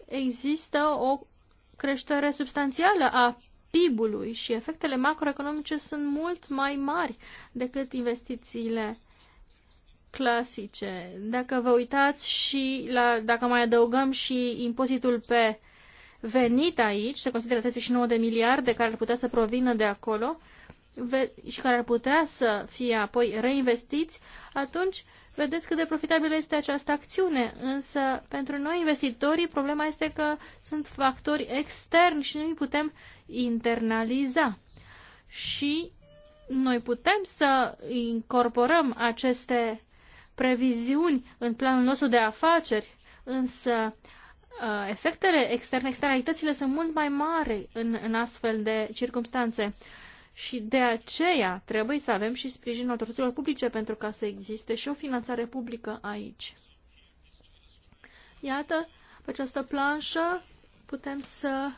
există o creștere substanțială a PIB-ului și efectele macroeconomice sunt mult mai mari decât investițiile clasice. Dacă vă uitați și la, dacă mai adăugăm și impozitul pe venit aici, se consideră 39 de miliarde care ar putea să provină de acolo, uh, și care ar putea să fie apoi reinvestiți, atunci vedeți cât de profitabilă este această acțiune. Însă, pentru noi, investitorii, problema este că sunt factori externi și nu îi putem internaliza. Și noi putem să incorporăm aceste previziuni în planul nostru de afaceri, însă ă, efectele externe, externalitățile sunt mult mai mari în, în astfel de circunstanțe și de aceea trebuie să avem și sprijinul autorităților publice pentru ca să existe și o finanțare publică aici. Iată, pe această planșă putem să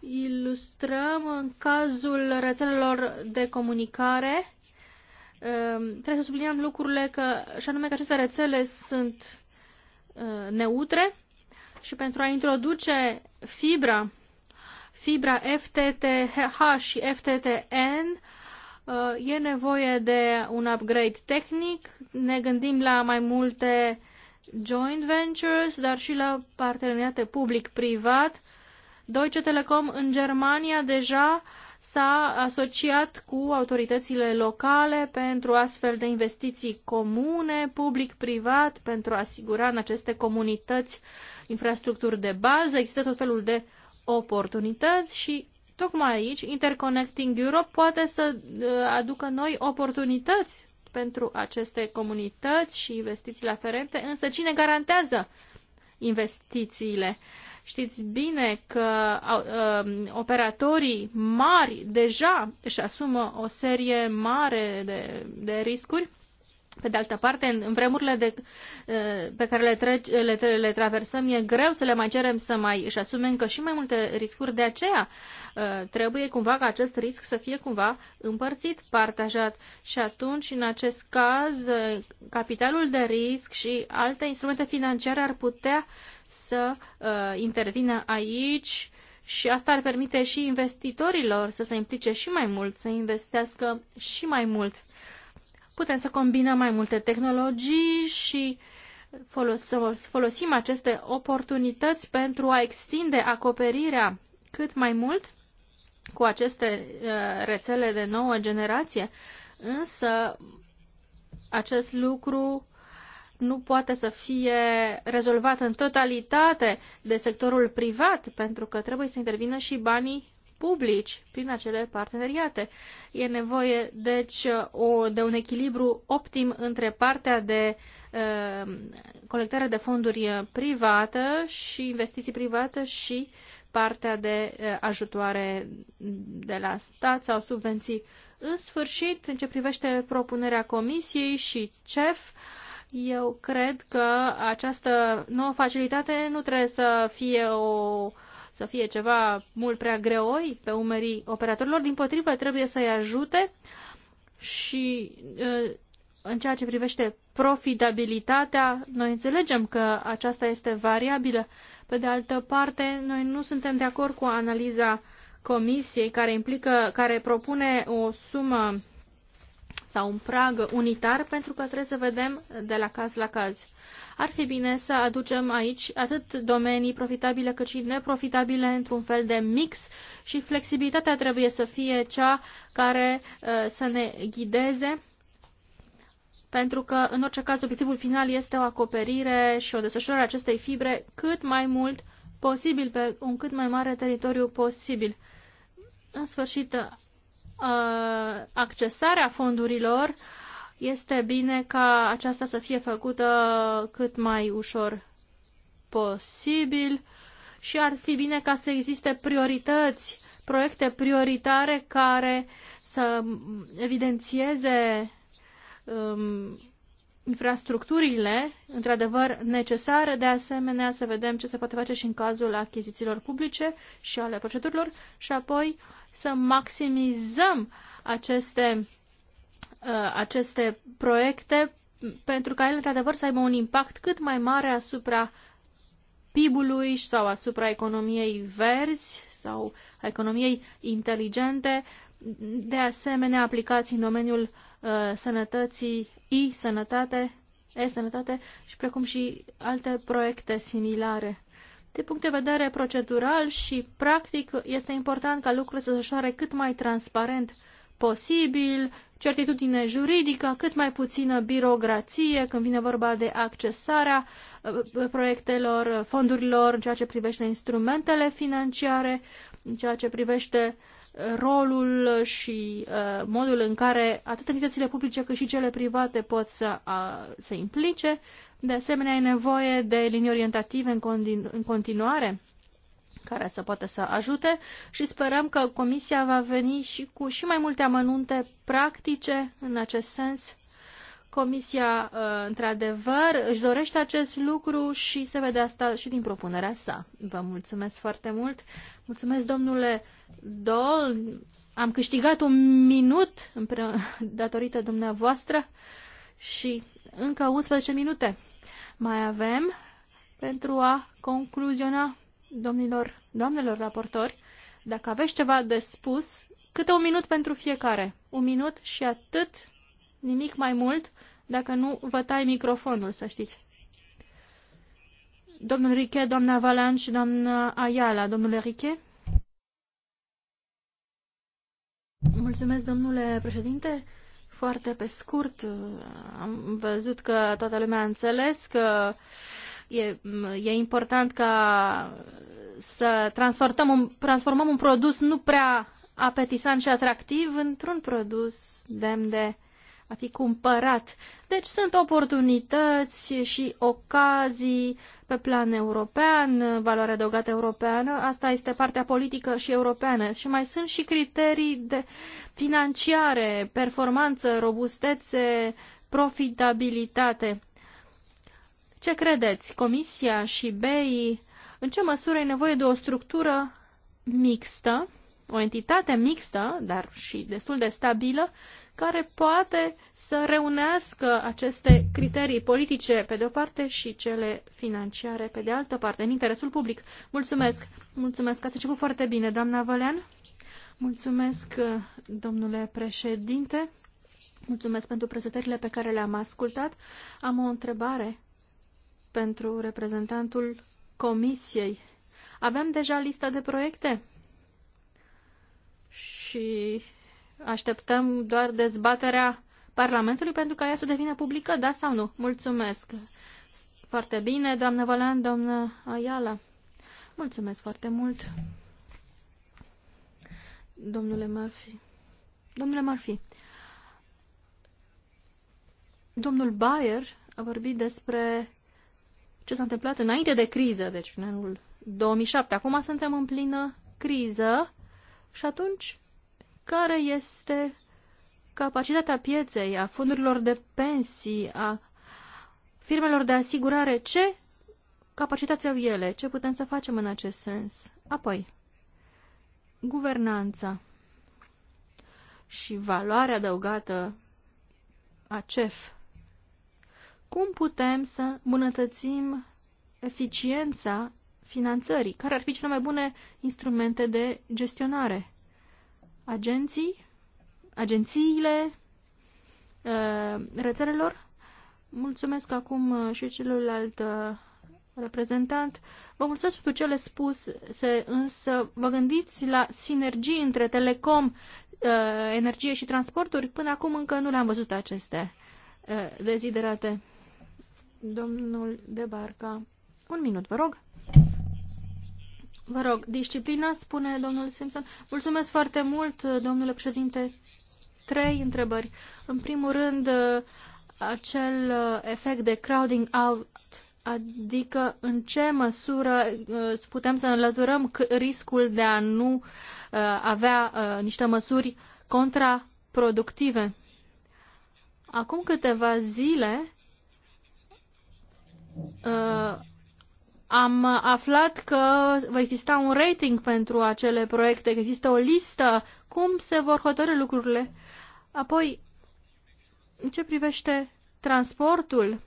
ilustrăm în cazul rețelelor de comunicare. Ehm, trebuie să subliniem lucrurile că, și anume că aceste rețele sunt eh, neutre și pentru a introduce fibra fibra FTTH și FTTN, uh, e nevoie de un upgrade tehnic. Ne gândim la mai multe joint ventures, dar și la parteneriate public-privat. Deutsche Telekom în Germania deja s-a asociat cu autoritățile locale pentru astfel de investiții comune, public-privat, pentru a asigura în aceste comunități infrastructuri de bază. Există tot felul de uh, oportunități și tocmai aici Interconnecting Europe poate să uh, aducă noi oportunități pentru aceste comunități și investițiile aferente, însă cine garantează investițiile? Știți bine că uh, operatorii mari deja își asumă o serie mare de, de riscuri pe de altă parte, în vremurile de, pe care le, trec, le, le traversăm, e greu să le mai cerem să mai își asume încă și mai multe riscuri. De aceea trebuie cumva ca acest risc să fie cumva împărțit, partajat. Și atunci, în acest caz, capitalul de risc și alte instrumente financiare ar putea să intervină aici și asta ar permite și investitorilor să se implice și mai mult, să investească și mai mult putem să combinăm mai multe tehnologii și folos să folosim aceste oportunități pentru a extinde acoperirea cât mai mult cu aceste uh, rețele de nouă generație, însă acest lucru nu poate să fie rezolvat în totalitate de sectorul privat, pentru că trebuie să intervină și banii publici prin acele parteneriate. E nevoie, deci, o, de un echilibru optim între partea de uh, colectare de fonduri privată și investiții private și partea de uh, ajutoare de la stat sau subvenții. În sfârșit, în ce privește propunerea Comisiei și CEF, eu cred că această nouă facilitate nu trebuie să fie o uh, să fie ceva mult prea greoi pe umerii operatorilor, din potrivă trebuie să-i ajute și în ceea ce privește profitabilitatea, noi înțelegem că aceasta este variabilă. Pe de altă parte, noi nu suntem de acord cu analiza comisiei care implică, care propune o sumă sau un prag unitar, pentru că trebuie să vedem de la caz la caz. Ar fi bine să aducem aici atât domenii profitabile cât și neprofitabile într-un fel de mix și flexibilitatea trebuie să fie cea care uh, să ne ghideze pentru că, în orice caz, obiectivul final este o acoperire și o desfășurare a acestei fibre cât mai mult posibil, pe un cât mai mare teritoriu posibil. În sfârșit, Uh, accesarea fondurilor, este bine ca aceasta să fie făcută cât mai ușor posibil și ar fi bine ca să existe priorități, proiecte prioritare care să evidențieze um, infrastructurile, într-adevăr, necesare. De asemenea, să vedem ce se poate face și în cazul achizițiilor publice și ale procedurilor și apoi să maximizăm aceste, uh, aceste proiecte pentru ca ele, într-adevăr, să aibă un impact cât mai mare asupra PIB-ului sau asupra economiei verzi sau a economiei inteligente, de asemenea aplicați în domeniul uh, sănătății e-sănătate, e-sănătate și precum și alte proiecte similare. Din punct de vedere procedural și practic, este important ca lucrurile să se ușoare cât mai transparent posibil, certitudine juridică, cât mai puțină birocrație când vine vorba de accesarea uh, proiectelor, uh, fondurilor, în ceea ce privește instrumentele financiare, în ceea ce privește uh, rolul și uh, modul în care atât entitățile publice cât și cele private pot să uh, se implice. De asemenea, e nevoie de linii orientative în, continu în continuare care să poată să ajute și sperăm că Comisia va veni și cu și mai multe amănunte practice în acest sens. Comisia, uh, într-adevăr, își dorește acest lucru și se vede asta și din propunerea sa. Vă mulțumesc foarte mult. Mulțumesc, domnule Dol. Am câștigat un minut datorită dumneavoastră și încă 11 minute mai avem pentru a concluziona, domnilor, doamnelor raportori, dacă aveți ceva de spus, câte un minut pentru fiecare. Un minut și atât, nimic mai mult, dacă nu vă tai microfonul, să știți. Domnul Riche, doamna Valan și doamna Ayala. Domnule Riche? Mulțumesc, domnule președinte. Foarte pe scurt, am văzut că toată lumea a înțeles că e, e important ca să transformăm un, transformăm un produs nu prea apetisant și atractiv într-un produs demn de a fi cumpărat. Deci sunt oportunități și ocazii pe plan european, valoarea adăugată europeană, asta este partea politică și europeană. Și mai sunt și criterii de financiare, performanță, robustețe, profitabilitate. Ce credeți? Comisia și BEI, în ce măsură e nevoie de o structură mixtă, o entitate mixtă, dar și destul de stabilă, care poate să reunească aceste criterii politice pe de o parte și cele financiare pe de altă parte, în interesul public. Mulțumesc! Mulțumesc! Ați început foarte bine, doamna Vălean. Mulțumesc, domnule președinte. Mulțumesc pentru prezentările pe care le-am ascultat. Am o întrebare pentru reprezentantul Comisiei. Avem deja lista de proiecte? Și Așteptăm doar dezbaterea Parlamentului pentru ca ea să devină publică, da sau nu? Mulțumesc. Foarte bine, doamnă Volan, doamnă Ayala. Mulțumesc foarte mult. Domnule Murphy. Domnule Murphy. Domnul Bayer a vorbit despre ce s-a întâmplat înainte de criză, deci în anul 2007. Acum suntem în plină criză și atunci care este capacitatea pieței, a fondurilor de pensii, a firmelor de asigurare, ce capacitate au ele, ce putem să facem în acest sens. Apoi, guvernanța și valoarea adăugată a CEF. Cum putem să îmbunătățim eficiența finanțării? Care ar fi cele mai bune instrumente de gestionare? agenții, agențiile uh, rețelelor. Mulțumesc acum uh, și celuilalt uh, reprezentant. Vă mulțumesc pentru cele spuse, însă vă gândiți la sinergii între telecom, energie și transporturi? Până acum încă nu le-am văzut aceste deziderate. Domnul Debarca, un minut, vă rog. Vă rog, disciplina, spune domnul Simpson. Mulțumesc foarte mult, domnule președinte. Trei întrebări. În primul rând, acel efect de crowding out, adică în ce măsură uh, putem să înlăturăm riscul de a nu uh, avea uh, niște măsuri contraproductive. Acum câteva zile, am aflat că va exista un rating pentru acele proiecte, că există o listă, cum se vor hotărâ lucrurile. Apoi, în ce privește transportul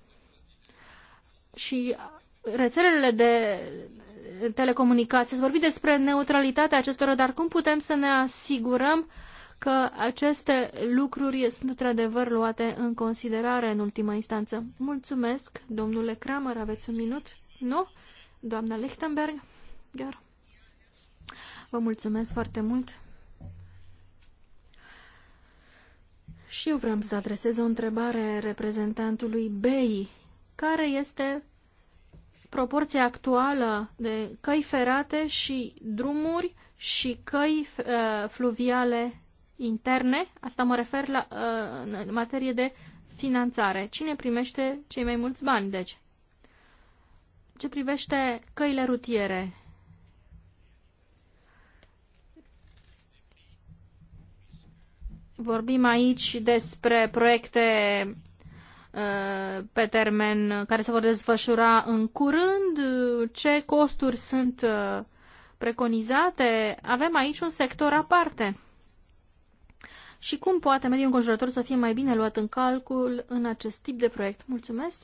și rețelele de telecomunicații, ați vorbit despre neutralitatea acestora, dar cum putem să ne asigurăm că aceste lucruri sunt într-adevăr luate în considerare în ultima instanță? Mulțumesc, domnule Kramer, aveți un minut? Nu? doamna Lichtenberg. Iar. Vă mulțumesc foarte mult. Și eu vreau să adresez o întrebare reprezentantului BEI. Care este proporția actuală de căi ferate și drumuri și căi uh, fluviale interne? Asta mă refer la uh, în materie de finanțare. Cine primește cei mai mulți bani, deci? ce privește căile rutiere, vorbim aici despre proiecte uh, pe termen care se vor desfășura în curând, ce costuri sunt uh, preconizate, avem aici un sector aparte. Și cum poate mediul înconjurător să fie mai bine luat în calcul în acest tip de proiect? Mulțumesc!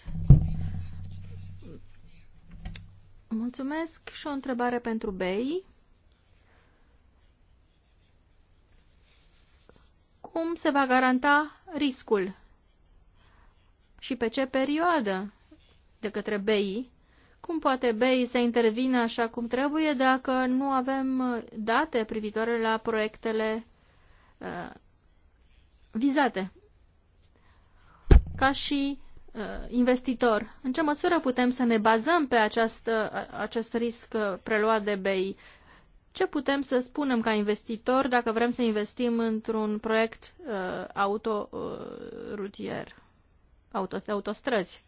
Mulțumesc și o întrebare pentru Bei. Cum se va garanta riscul și pe ce perioadă de către BEI? Cum poate BEI să intervină așa cum trebuie dacă nu avem date privitoare la proiectele uh, vizate? Ca și Uh, investitor. În ce măsură putem să ne bazăm pe această, uh, acest risc uh, preluat de BI? Ce putem să spunem ca investitor dacă vrem să investim într-un proiect uh, auto uh, rutier, auto, autostrăzi?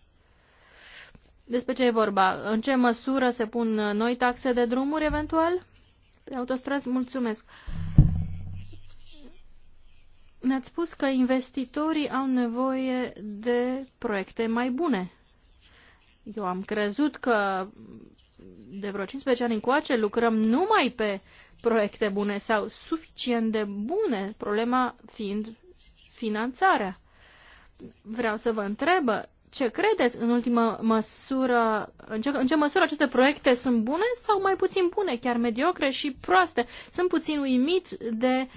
Despre ce e vorba? În ce măsură se pun noi taxe de drumuri eventual? Pe autostrăzi? Mulțumesc! Ne-ați spus că investitorii au nevoie de proiecte mai bune. Eu am crezut că de vreo 15 ani încoace lucrăm numai pe proiecte bune sau suficient de bune, problema fiind finanțarea. Vreau să vă întreb ce credeți în ultimă măsură, în ce, în ce măsură aceste proiecte sunt bune sau mai puțin bune, chiar mediocre și proaste. Sunt puțin uimit de uh,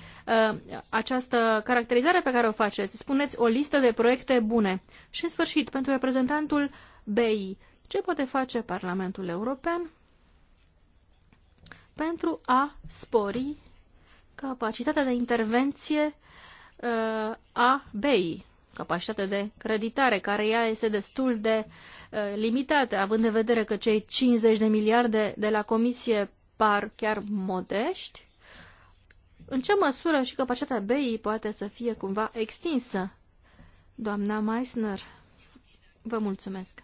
Uh, această caracterizare pe care o faceți. Spuneți o listă de proiecte bune. Și în sfârșit, pentru reprezentantul BI, ce poate face Parlamentul European pentru a spori capacitatea de intervenție uh, a BEI, capacitatea de creditare, care ea este destul de uh, limitată, având în vedere că cei 50 de miliarde de la Comisie par chiar modești în ce măsură și capacitatea BEI poate să fie cumva extinsă? Doamna Meissner, vă mulțumesc.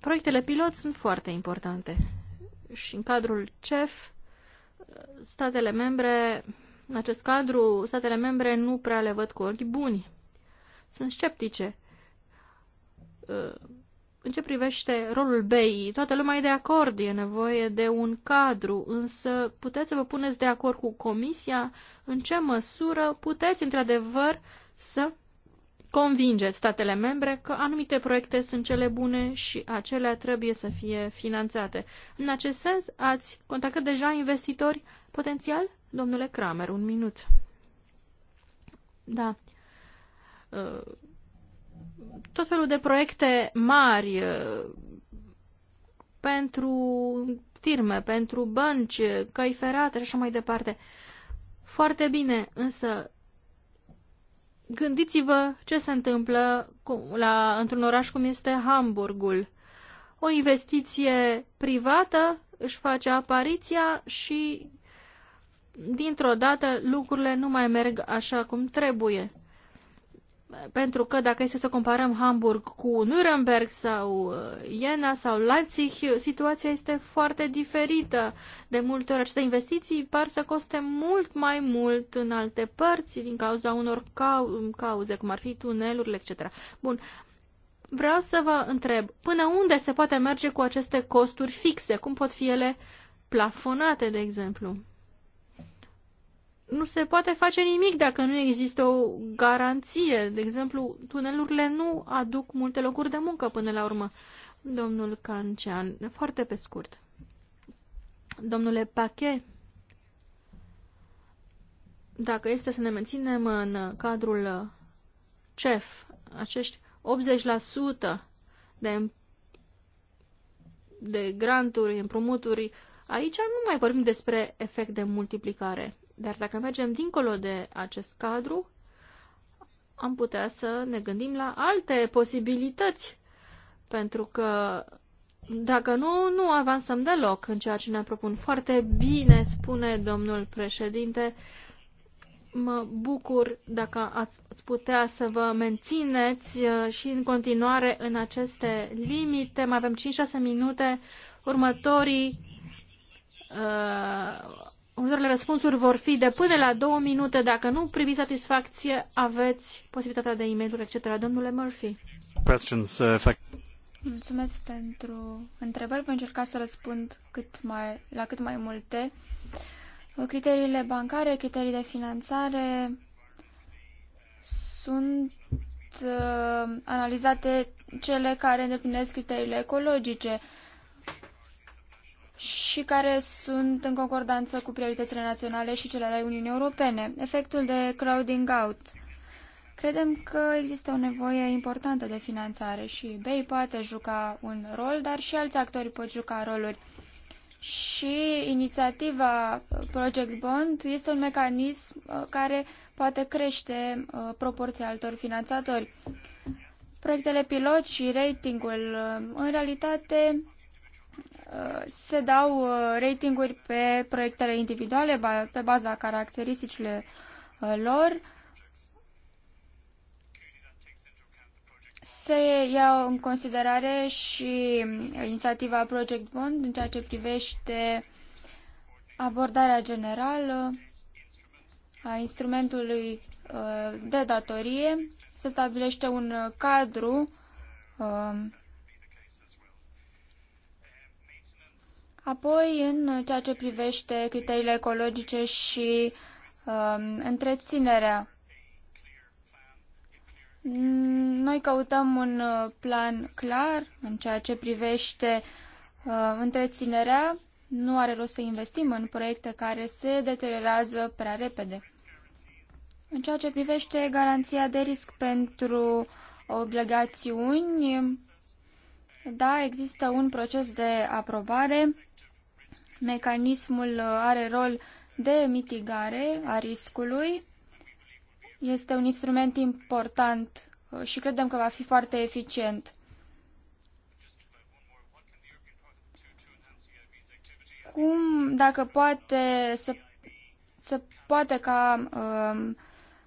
Proiectele pilot sunt foarte importante și în cadrul CEF statele membre, în acest cadru, statele membre nu prea le văd cu ochi buni. Sunt sceptice în ce privește rolul BEI, toată lumea e de acord, e nevoie de un cadru, însă puteți să vă puneți de acord cu Comisia în ce măsură puteți, într-adevăr, să convingeți statele membre că anumite proiecte sunt cele bune și acelea trebuie să fie finanțate. În acest sens, ați contactat deja investitori potențial, Domnule Kramer, un minut. Da. Uh tot felul de proiecte mari uh, pentru firme, pentru bănci, căi ferate și așa mai departe. Foarte bine, însă gândiți-vă ce se întâmplă cu, la, într-un oraș cum este Hamburgul. O investiție privată își face apariția și dintr-o dată lucrurile nu mai merg așa cum trebuie pentru că dacă este să comparăm Hamburg cu Nuremberg sau uh, Iena sau Leipzig, situația este foarte diferită. De multe ori aceste investiții par să coste mult mai mult în alte părți din cauza unor cau- cauze, cum ar fi tunelurile, etc. Bun, vreau să vă întreb, până unde se poate merge cu aceste costuri fixe? Cum pot fi ele plafonate, de exemplu? nu se poate face nimic dacă nu există o garanție. De exemplu, tunelurile nu aduc multe locuri de muncă până la urmă. Domnul Cancean, foarte pe scurt. Domnule Pache, dacă este să ne menținem în cadrul CEF, acești 80% de, de granturi, împrumuturi, aici nu mai vorbim despre efect de multiplicare dar dacă mergem dincolo de acest cadru, am putea să ne gândim la alte posibilități, pentru că dacă nu, nu avansăm deloc în ceea ce ne propun. Foarte bine spune domnul președinte, mă bucur dacă ați, putea să vă mențineți uh, și în continuare în aceste limite. Mai avem 5-6 minute. Următorii uh, următoarele răspunsuri vor fi de până la două minute. Dacă nu primiți satisfacție, aveți posibilitatea de e-mail-uri, etc. Domnule Murphy. Uh, Mulțumesc pentru întrebări. Voi încerca să răspund cât mai, la cât mai multe. Criteriile bancare, criterii de finanțare sunt uh, analizate cele care îndeplinesc criteriile ecologice și care sunt în concordanță cu prioritățile naționale și cele ale Uniunii Europene. Efectul de crowding out. Credem că există o nevoie importantă de finanțare și BEI poate juca un rol, dar și alți actori pot juca roluri. Și inițiativa Project Bond este un mecanism uh, care poate crește uh, proporția altor finanțatori. Proiectele pilot și ratingul, uh, în realitate, se dau uh, ratinguri pe proiectele individuale pe baza caracteristicile uh, lor. Se iau în considerare și uh, inițiativa Project Bond în ceea ce privește abordarea generală a instrumentului de datorie. Se stabilește un cadru Apoi, în ceea ce privește criteriile ecologice și um, întreținerea, noi căutăm un uh, plan clar în ceea ce privește uh, întreținerea. Nu are rost să investim în proiecte care se deteriorează prea repede. În ceea ce privește garanția de risc pentru obligațiuni, da, există un proces de aprobare Mecanismul uh, are rol de mitigare a riscului. Este un instrument important uh, și credem că va fi foarte eficient. Cum, dacă poate, se, se poate ca um,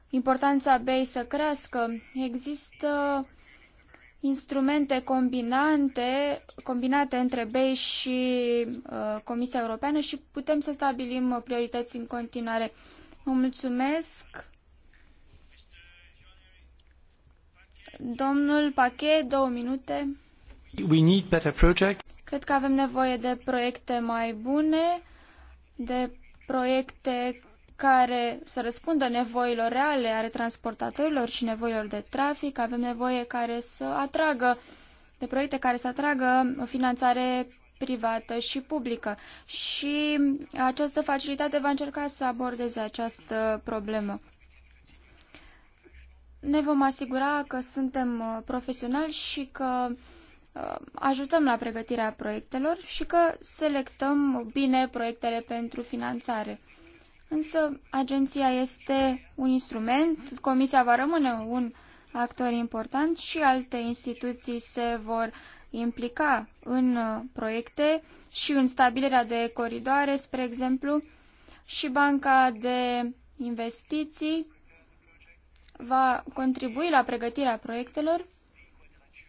importanța BEI să crească, există instrumente combinante, combinate între BEI și uh, Comisia Europeană și putem să stabilim uh, priorități în continuare. Vă mulțumesc. Domnul Pachet, două minute. We need better Cred că avem nevoie de proiecte mai bune, de proiecte care să răspundă nevoilor reale ale transportatorilor și nevoilor de trafic. Avem nevoie care să atragă de proiecte care să atragă finanțare privată și publică. Și această facilitate va încerca să abordeze această problemă. Ne vom asigura că suntem uh, profesionali și că uh, ajutăm la pregătirea proiectelor și că selectăm bine proiectele pentru finanțare însă agenția este un instrument, Comisia va rămâne un actor important și alte instituții se vor implica în uh, proiecte și în stabilirea de coridoare, spre exemplu, și Banca de Investiții va contribui la pregătirea proiectelor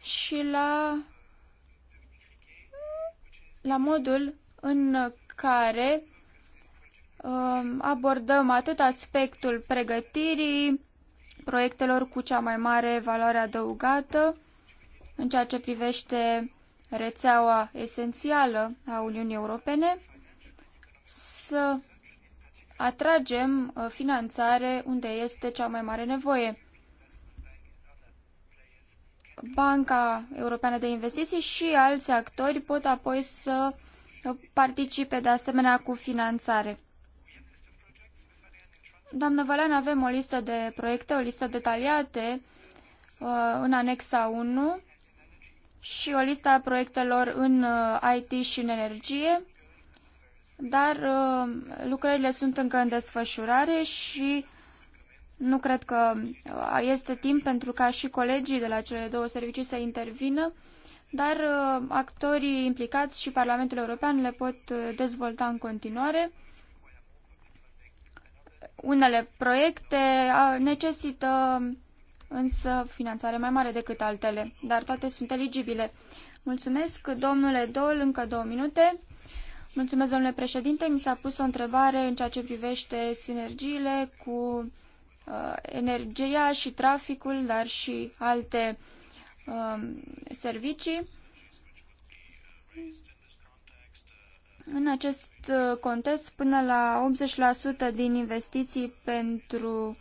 și la, la modul în care Um, abordăm atât aspectul pregătirii proiectelor cu cea mai mare valoare adăugată în ceea ce privește rețeaua esențială a Uniunii Europene, să atragem uh, finanțare unde este cea mai mare nevoie. Banca Europeană de Investiții și alți actori pot apoi să participe de asemenea cu finanțare. Doamnă Valean, avem o listă de proiecte, o listă detaliată uh, în anexa 1 și o listă a proiectelor în uh, IT și în energie, dar uh, lucrările sunt încă în desfășurare și nu cred că este timp pentru ca și colegii de la cele două servicii să intervină, dar actorii implicați și Parlamentul European le pot dezvolta în continuare. Unele proiecte necesită însă finanțare mai mare decât altele, dar toate sunt eligibile. Mulțumesc, domnule Dol, încă două minute. Mulțumesc, domnule președinte. Mi s-a pus o întrebare în ceea ce privește sinergiile cu uh, energia și traficul, dar și alte uh, servicii. În acest uh, context, până la 80% din investiții pentru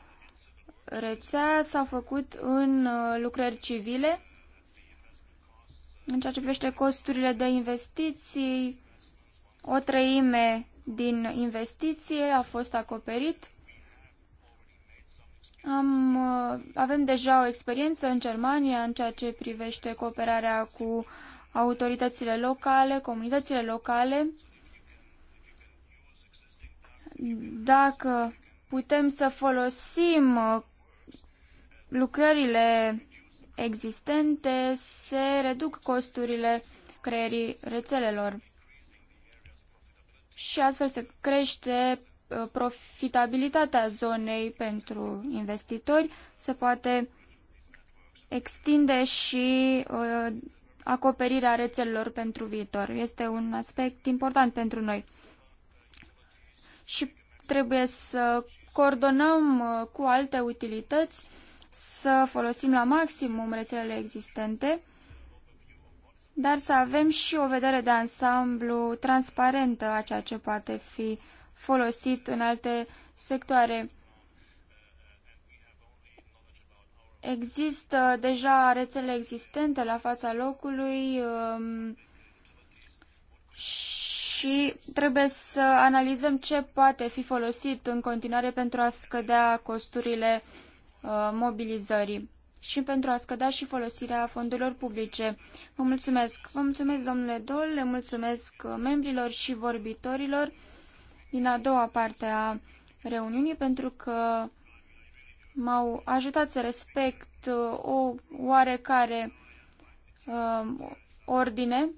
rețea s-au făcut în uh, lucrări civile. În ceea ce privește costurile de investiții, o treime din investiție a fost acoperit. Am, uh, avem deja o experiență în Germania în ceea ce privește cooperarea cu autoritățile locale, comunitățile locale dacă putem să folosim uh, lucrările existente, se reduc costurile creierii rețelelor și astfel se crește uh, profitabilitatea zonei pentru investitori, se poate extinde și uh, acoperirea rețelelor pentru viitor. Este un aspect important pentru noi și trebuie să coordonăm uh, cu alte utilități, să folosim la maximum rețelele existente, dar să avem și o vedere de ansamblu transparentă a ceea ce poate fi folosit în alte sectoare. Există deja rețele existente la fața locului um, și și trebuie să analizăm ce poate fi folosit în continuare pentru a scădea costurile uh, mobilizării și pentru a scădea și folosirea fondurilor publice. Vă mulțumesc! Vă mulțumesc, domnule Dol, le mulțumesc uh, membrilor și vorbitorilor din a doua parte a reuniunii pentru că m-au ajutat să respect uh, o oarecare ordine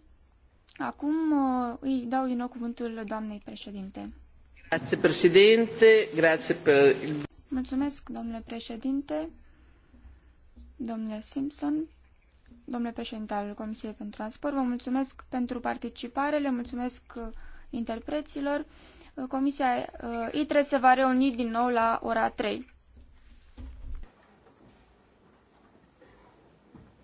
Acum uh, îi dau din nou cuvântul doamnei președinte. Grazie, președinte. Grazie per... Mulțumesc, domnule președinte, domnule Simpson, domnule președinte al Comisiei pentru Transport. Vă mulțumesc pentru participare, le mulțumesc uh, interpreților. Uh, Comisia ITRE se va reuni din nou la ora 3.